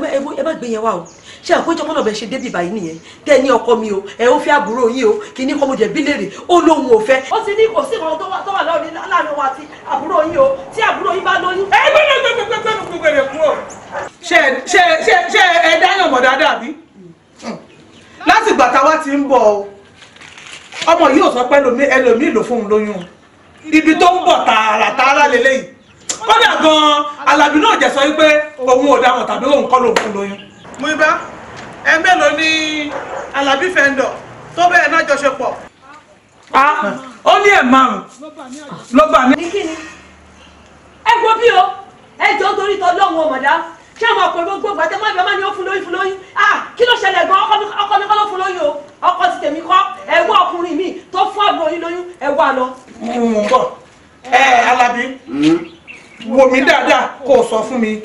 D: gbé yẹn wá o ṣé àpéjọ mọ́nà bẹ́ẹ̀ ṣe débì báyìí nìyẹn tẹ́ ẹ ní ọkọ mi o ẹ ó fẹ́ àbúrò yín o kì í ní kọ́ mo jẹ̀bi léèrè ó lóun ò fẹ́. ó ti ní kò sí ìrọ̀rùn tó wà láàrin wa àti àbúrò yín o tí àbúrò yín bá lóyún. ẹ gbọ́dọ̀ gbọ́dọ̀ gbọ́dọ̀ gbọ́dọ̀ gbọ́dọ̀
B: kú o. ṣe ẹ dáyàn mọ̀ dáadáa bí láti ìgbà táwa ti ń bọ̀ o ọmọ yìí ò sọ pé ẹlòmíì ló fóun lóyún ibi tó ń bọ̀ tààrà tààrà lélẹ́yìí kódà gan-an alábí náà jẹ́ sọ wípé òun ò dáhùn tàbí òun kọ́ ló fún lóyún. Múyìbá ẹ mélòó ni alábí fẹ́ńdọ̀ tó bẹ́ẹ̀ náà jọ ṣe pọ̀. ó ní ẹ̀
E: márùn-ún
B: ló gbà mí. ẹ gbọ́ bí o ẹ jọ torí tọ́lọ́hún
D: ọmọdá ṣé àwọn ọkùnrin gbogbo ìgbà tẹ mọ́ ìgbà máa ní ó fún lóyún fún lóyún ah kí ló ṣẹlẹ̀ gan ọkọ mi kọ́ ló fún lóyún o ọkọ ti tèmi kọ́ ẹ̀wọ́ ọkùnrin mi tó fún ọ̀gbìn oyún lóyún ẹ̀wọ́ àlọ́.
B: bọ ẹ Alábí hmm? wò mí dáadáa kó o sọ fún mi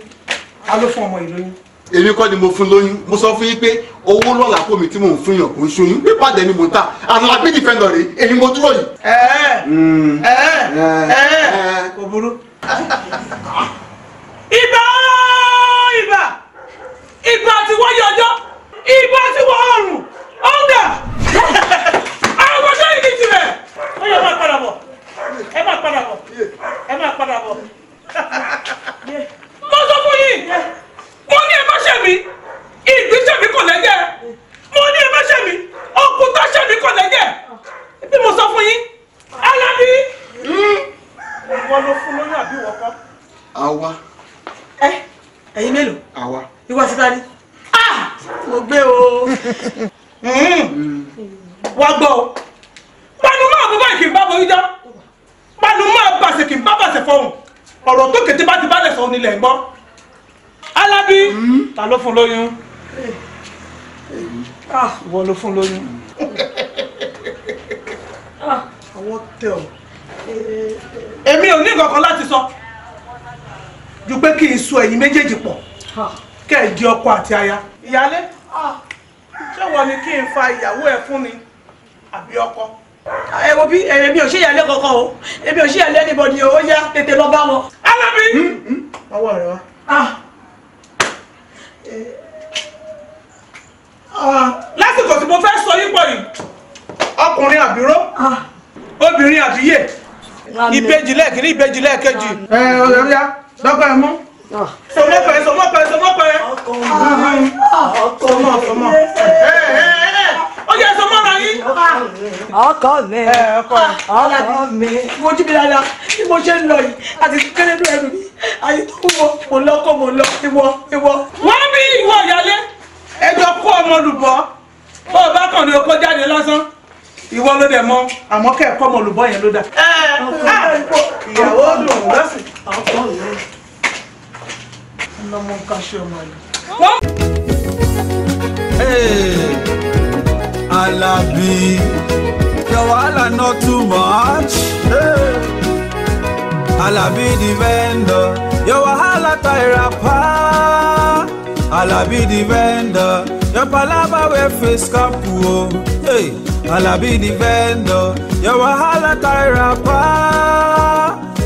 B: a ló fún ọmọ yìí lóyún. èmi kọ́ ni mo fún lóyún mo sọ fún yín pé owó lọ́la kó mi tí mò ń fún yàn kò ń ṣoyún pépà dẹ̀ ni mò ń tà Alábí dìfẹ́ndọ̀ rè èyí mo dúró yìí. Hmm. ẹ ẹ ẹ ẹ kò burú. ibà ìbà tí wọ́n yọjọ́ ìbà tí wọ́n ọrùn ọ̀dà àwọn ọmọdé yìí ní tirẹ̀ ó yẹ máa padà bọ̀ ẹ máa padà bọ̀ ẹ máa padà bọ̀ mo sọ fún yín mo ní ẹ má ṣe mí ìgbésẹ̀ mi kò lẹ́gẹ̀ mo ní ẹ má ṣe mí òkúta ṣe mí kò lẹ́gẹ̀ bí mo sọ fún yín alábí. ìwọ ló fún lóyún àbí àwa. ẹ ẹ̀yin mélòó. àwa
D: ìwà ṣe dání mo gbé o
B: hmm. wà gbọ́ o panu máa bọ́ báyìí kì í bá borí dá panu máa bàṣẹ kì í bá bàṣẹ fọhùn ọ̀rọ̀ tó kété bá ti bá lẹ̀ sọ nílẹ̀ gbọ́ alábí ta ló fún lóyún ah, ìwọ ló fún lóyún àwọn ah, tẹ ọ èmi ò ní nǹkan kan láti sọ ju pé kí n so ẹ̀yin méjèèjì pọ̀. Ah kẹ́ ẹ̀ di ọkọ àti aya ìyálé ṣé wọ́n ni kí n fa ìyàwó ẹ̀ fún mi àbí ọkọ. ẹ wo bí èmi ò ṣe ìyálé kankan o
D: èmi ò ṣe ìyálé anybody o ó yá tètè lọ bá wọn. alábí. Hmm, hmm. ọwọ́ rẹ wá. Ah.
B: Eh, ah, lásìkò tí mo fẹ́ sọ yín pọ̀ yìí ọkùnrin àbíró ah. obìnrin àbíyè ìbejì lẹ́ẹ̀kínní ìbejì lẹ́ẹ̀kejì. Eh, ẹ ọ̀rẹ́ rí a dọ́gba ẹ̀ mú sọmọpẹ sọmọpẹ sọmọpẹ sọmọ sọmọ
D: ó yẹ sọmọ náà yín. ọkọ mi ọkọ mi mo jí mi dáadáa bí mo ṣe ń lọ yìí àti kékeré ló ẹrù mi àyè tó wọ mo lọ kọ mo lọ
B: ìwọ ìwọ. wọ́n bí ìwọ ìyálé ẹjọ́ kó ọmọ lùbọ́ bó o bá kàn ní oko jáde lásán ìwọ ló dẹ̀ mọ àmọ́ kẹ́ẹ̀kọ́ ọmọ lùbọ́ yẹn ló dà.
D: Ah,
B: ìyàwó lòun lọ́sìn lọmọ kaṣí ọmọ yìí.
A: Alabi, your wahala not too much. Alabi the vendor, your wahala tire pa. Alabi the vendor, your palava wey face kapu o. Hey, Alabi the vendor, your wahala tire pa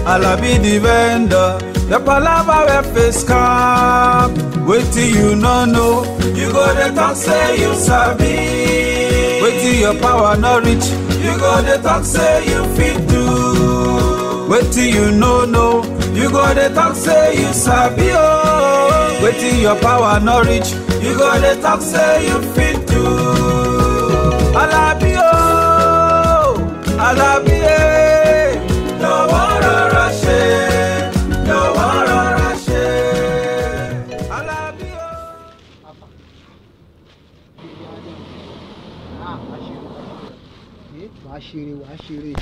A: be the vendor the palava wey face calm wetin you no know you go dey talk say you sabi wetin your power no reach you go dey talk say you fit do wetin you no know you go dey talk say you sabi ooo oh. wetin your power no reach you go dey talk say you fit do alabi ooo oh. alabi.
C: ṣeré wàá ṣeré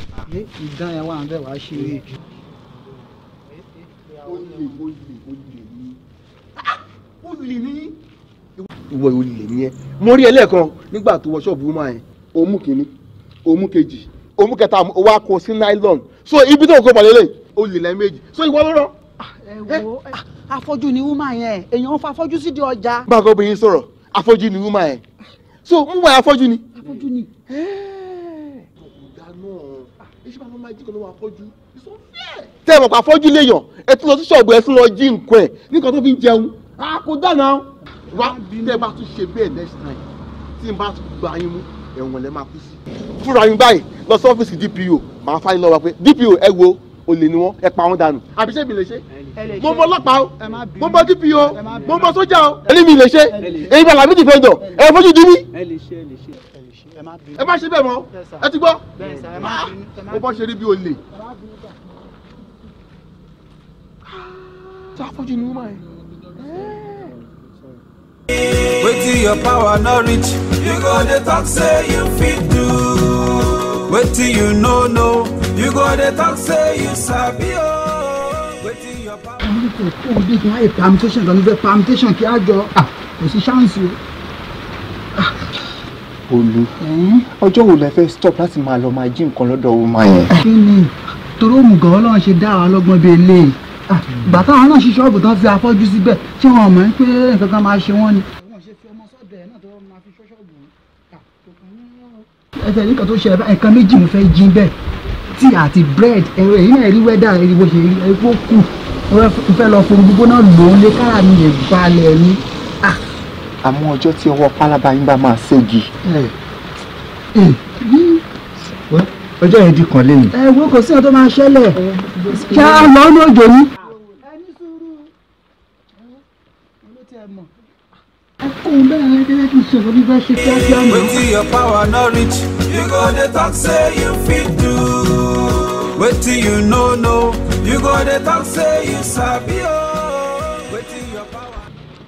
C: ìdán yẹn wà níbẹ̀
B: wàá ṣeré. ó lè ó lè ó lè ah! ìwọ ìwọ lè ẹ mo rí ẹ nígbà tó wọ ṣọ́ọ̀bù wúmọ̀ yẹn o mú kínní kejì o kẹta o wá sí nylon so ibi tó ń kó balẹ̀ lẹ́yìn o lè lẹ́ẹ̀ méjì so ìwọ ló rán.
C: Ah, ẹ wo afọ́jú ni wúmọ̀
B: yẹn èèyàn fa afọ́jú sí di ọjà. bákan bí yín sọ̀rọ̀ afọ́jú ni wúmọ̀ yẹn so mú wa afọ́jú ni. afọ́jú ni ṣé báwo máa jí kan lọ́wọ́ afọ́jú tẹ́ ẹ mọ̀ pé afọ́jú léèyàn ẹ tún lọ sí ṣọ́ọ̀bù ẹ tún lọ jí nǹkan ẹ̀ nǹkan tó fi ń jẹun á kó dáná. wá bí ẹ bá tún ṣe bẹ́ẹ̀ next time tí n bá gba yín mú ẹ̀wọ̀n lẹ máa kú sí. fúnra yín báyìí lọ sí ọ́fíìsì DPO màá fáyín lọ́wọ́ pé DPO ẹ wo olè ni wọ́n ẹ pa wọ́n dànù àbí mi lè ṣe mo mọ ọlọ́pàá o mo mọ dp o mo mọ sójà o ẹni mi lè ṣe èyí bá làmídìí fẹ́ ẹ fojú di mí. ẹ má ṣe bẹ́ẹ̀ mọ́ ẹ ti gbọ́ ah, mo bọ́ ṣe rí bí olè. ṣé àfọ́jú ah, ni wọ́n máa yẹ.
A: wetin your power no reach you go dey talk say you fit do wetin you no know you go dey talk say you sabi o oh.
B: wetin your papa. àwọn olùkọ́ fún ọdún kí wọ́n yẹ permutation lọ́nà fẹ́ permutation kí á jọ kò sí ṣáǹsì o. olú ọjọ́ wo lẹ fẹ́ stop láti máa lọ máa jí nǹkan lọ́dọ̀ ọmọ yẹn. kí ni
C: torí òmùgọ̀ ọlọ́run ṣe dá àwọn ọlọ́gbọ́n bíi eléyìí bàtà àwọn náà ṣí ṣọ́ọ̀bù tán fi afọ́jú síbẹ̀ ṣé wọn mọ̀ pé nǹkan kan máa ṣe wọ́n ni ẹsẹ̀ nìkan tó ṣẹlẹ̀ ẹ̀kan méjì mo fẹ́ jí bẹ́ẹ̀ tí àti bread
B: ẹ̀rọ èyí náà rí wẹ́dà ẹ̀rí bó ṣe rí ẹ̀rí kó kù mo fẹ́ lọ fún gbígbóná lò ó lé kára mi lè balẹ̀ ni. Ah! àmọ́ ọjọ́ tí ọwọ́ pálábá yín bá máa ségi. ọjọ́ yẹn di kan lẹ́yìn.
C: ẹ̀wọ́n kò sí ọ̀tọ̀ máa ṣẹlẹ̀ kí a lọ́ọ́ lójó Wetin
A: your power Not reach, you go the talk say you fit do. Wetin you no know, you go the talk say you sabi o. Oh.
D: Wetin your power.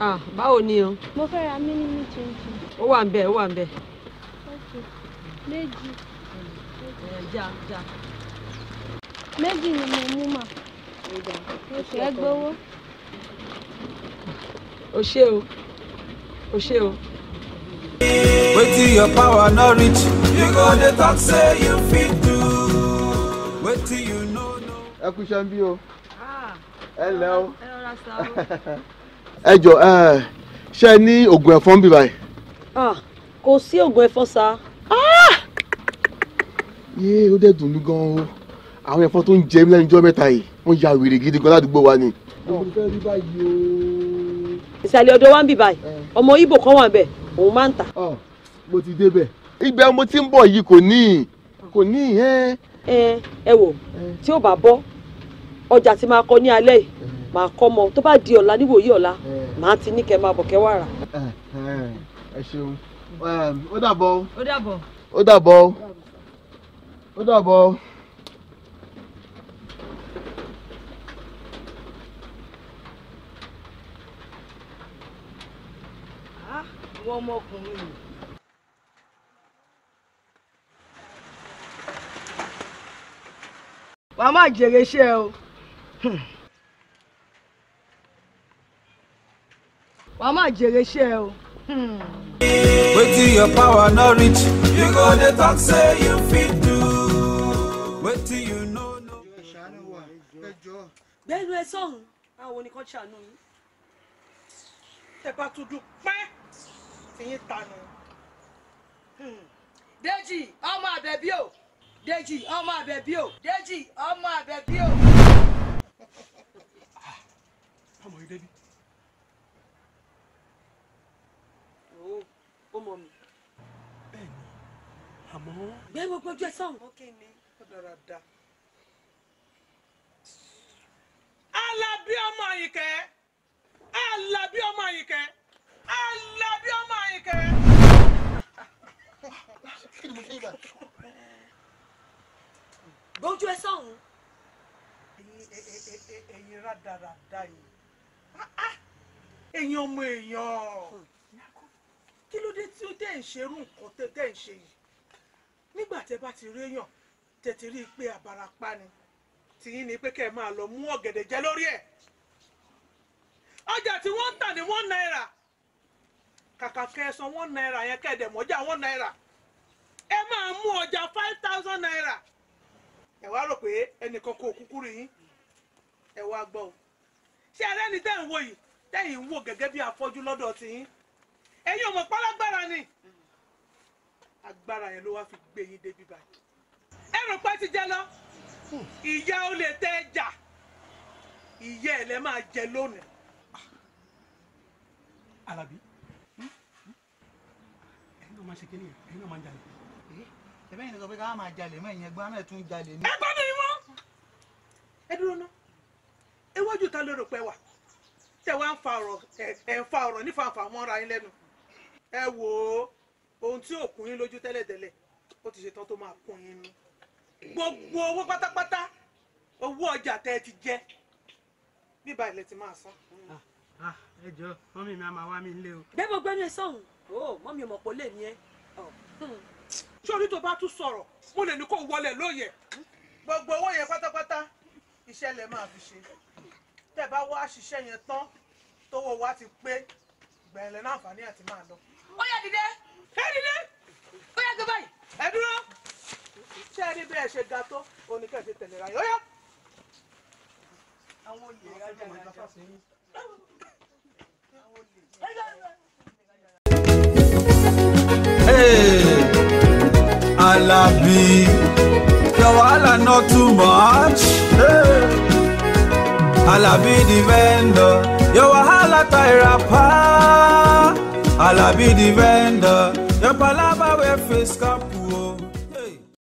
D: Ah, báwo ni o? Mo fẹ́ ra mini mi tuntun. Ó wà ń bẹ̀, ó wà ń bẹ̀. Méjì. Ja ja. Méjì ni mo mú mà. Ẹ gbowó. O ṣé o o ṣe o.
A: wetin your power no reach you go dey talk say you fit do wetin you
B: no know. ẹ kú iṣẹ́ ń bí ah. o ẹ lẹ́ o ẹ jọ ṣe ẹ ní oògùn ẹ̀fọn bí báyìí. Ah, kò sí oògùn ẹ̀fọn
D: sá. Ah!
B: yé ó dẹ̀ dùn mí gan-an o àwọn ẹ̀fọn tó ń jẹ mí lẹ́nu ọjọ́ mẹ́ta yìí wọ́n ya wèrè gidi gan ládùúgbò wa ni.
D: Oh. mo fẹ́ rí báyìí o. ìsàlẹ̀ ọdọ wa ń bì báyìí eh. ọmọ ibo kan wà bẹ òun máa ń tà. mo ti débẹ̀ ibẹ̀ mo ti ń bọ̀ yìí kò ní kò ní ẹ. ẹ wò eh. tí ó bá bọ́ ọjà tí máa kọ ní alẹ́ yìí eh. màá kọ́ mọ tó bá di ọ̀la níwòyí ọ̀la ti ní máa bọ̀ kẹ́ wà rà.
B: dàbọ̀ ó dàbọ̀ ó dàbọ̀.
D: ìwọ ọmọkùnrin rẹ̀. wàá má jèrè iṣẹ́ o wàá má jèrè iṣẹ́ o.
A: wetin your power no reach you go dey talk say you fit do wetin you no
D: know. gbẹ́nu ẹ sọ̀rùn àwọn oníkan ṣàánú yín ẹ bá tún dùn pẹ́ ti yín tanu. Hmm. Deji, ọmọ àbẹ̀bí o Déjì ọmọ àbẹ̀bí o Déjì ọmọ àbẹ̀bí o. Ah, ọmọ yìí débi.
E: o ó mọ mi. bẹ́ẹ̀ni àmọ́. gbé
B: gbogbo ojú ẹ sọhùn. ó kí ni ó dára da. Àlàbí ọmọ Àyìnkẹ́ Àlàbí ọmọ Àyìnkẹ́. I love Àyìnkẹ́. Kí ni mo ṣe ibà? Bójú ẹ sọ̀hún.
C: Ẹyin rádaràda yìí.
B: Ẹyin ọmọ èèyàn. Kí ló dé tí ó tẹ̀ ń ṣerú nǹkan tẹ̀ ń ṣe yìí? Nígbà tẹ bá ti réyàn, tẹ ti rí i pé àbàràpá ni. Tìyín ni pé kẹ́ ẹ máa lọ mú ọ̀gẹ̀dẹ̀ jẹ lórí ẹ̀. Ọjà tí wọ́n ń tà ní one naira. kàkà kẹsàn one naira yẹn kẹ̀dẹ̀ mọ́jà one naira ẹ máa mú ọjà five thousand naira ẹ wá rò pé ẹnìkan kò kúkú rí yín ẹ wá gbọ́ o ṣé ẹrẹ́ ni tẹ́yìn wo yìí tẹ́yìn wo gẹ́gẹ́ bí afọ́jú lọ́dọ̀ ti yín ẹ̀yin ọmọ pálágbára ni agbára yẹn ló wá fi gbé yín débi báyìí ẹ rò pé ti jẹ lọ ìyá olè tẹ́ ẹ jà ìyá ẹ̀ lẹ́ máa jẹ lónìí. Àlàbí máa ṣe kíni ẹ̀yin náà máa ń jalè. Eh, ẹ̀bẹ́ yìí ni sọ pé ká máa jalè mọ́ ìyẹn gbọ́n náà tún jalè ní. ẹgbẹ́ mi wọ́n. ẹ dúró ná iwájú ta lérò pé wà tẹ wá ń fa ọ̀rọ̀ ẹ̀ ń fa ọ̀rọ̀ nífàǹfà mọ́ra yín lẹ́nu ẹ wò ó ohun tí ò kún yín lójú tẹ́lẹ̀tẹ́lẹ̀ ó ti ṣetán tó máa kún yín nú gbogbo owó pátápátá owó ọjà tẹ́ ẹ ti jẹ bíbá ilẹ̀ ti máa san.
C: Ah, ah, ẹ jọ mọ́mí mi máa wá mi nílé o.
D: bẹ́ẹ̀ mo gbẹ́nu ẹ sọ̀hún o mọ mi mọ̀
C: pé ó lè ní ẹ.
B: ṣé orí tó bá tún sọ̀rọ̀ mo lè ní kó wọlé lóye. gbogbo owó yẹn pátápátá iṣẹ́ lẹ máa fi ṣe tẹ́ bá wá ṣiṣẹ́ yẹn tán tówó
C: wa ti pé gbẹ̀lẹ̀ láǹfààní àti máa lọ.
D: ó yá dìde ẹ dìde ó yá gbé báyìí ẹ dúró ṣé ẹ ní bí ẹ ṣe ga tó oníkẹ́ tẹ̀lé ra yìí ó yá. àwọn olè rájà rájà.
A: Hey, I'll Alabi, your wahala not too much. Hey, I'll Alabi the vendor, your rapper. i pa. Alabi the vendor, your palava we face up.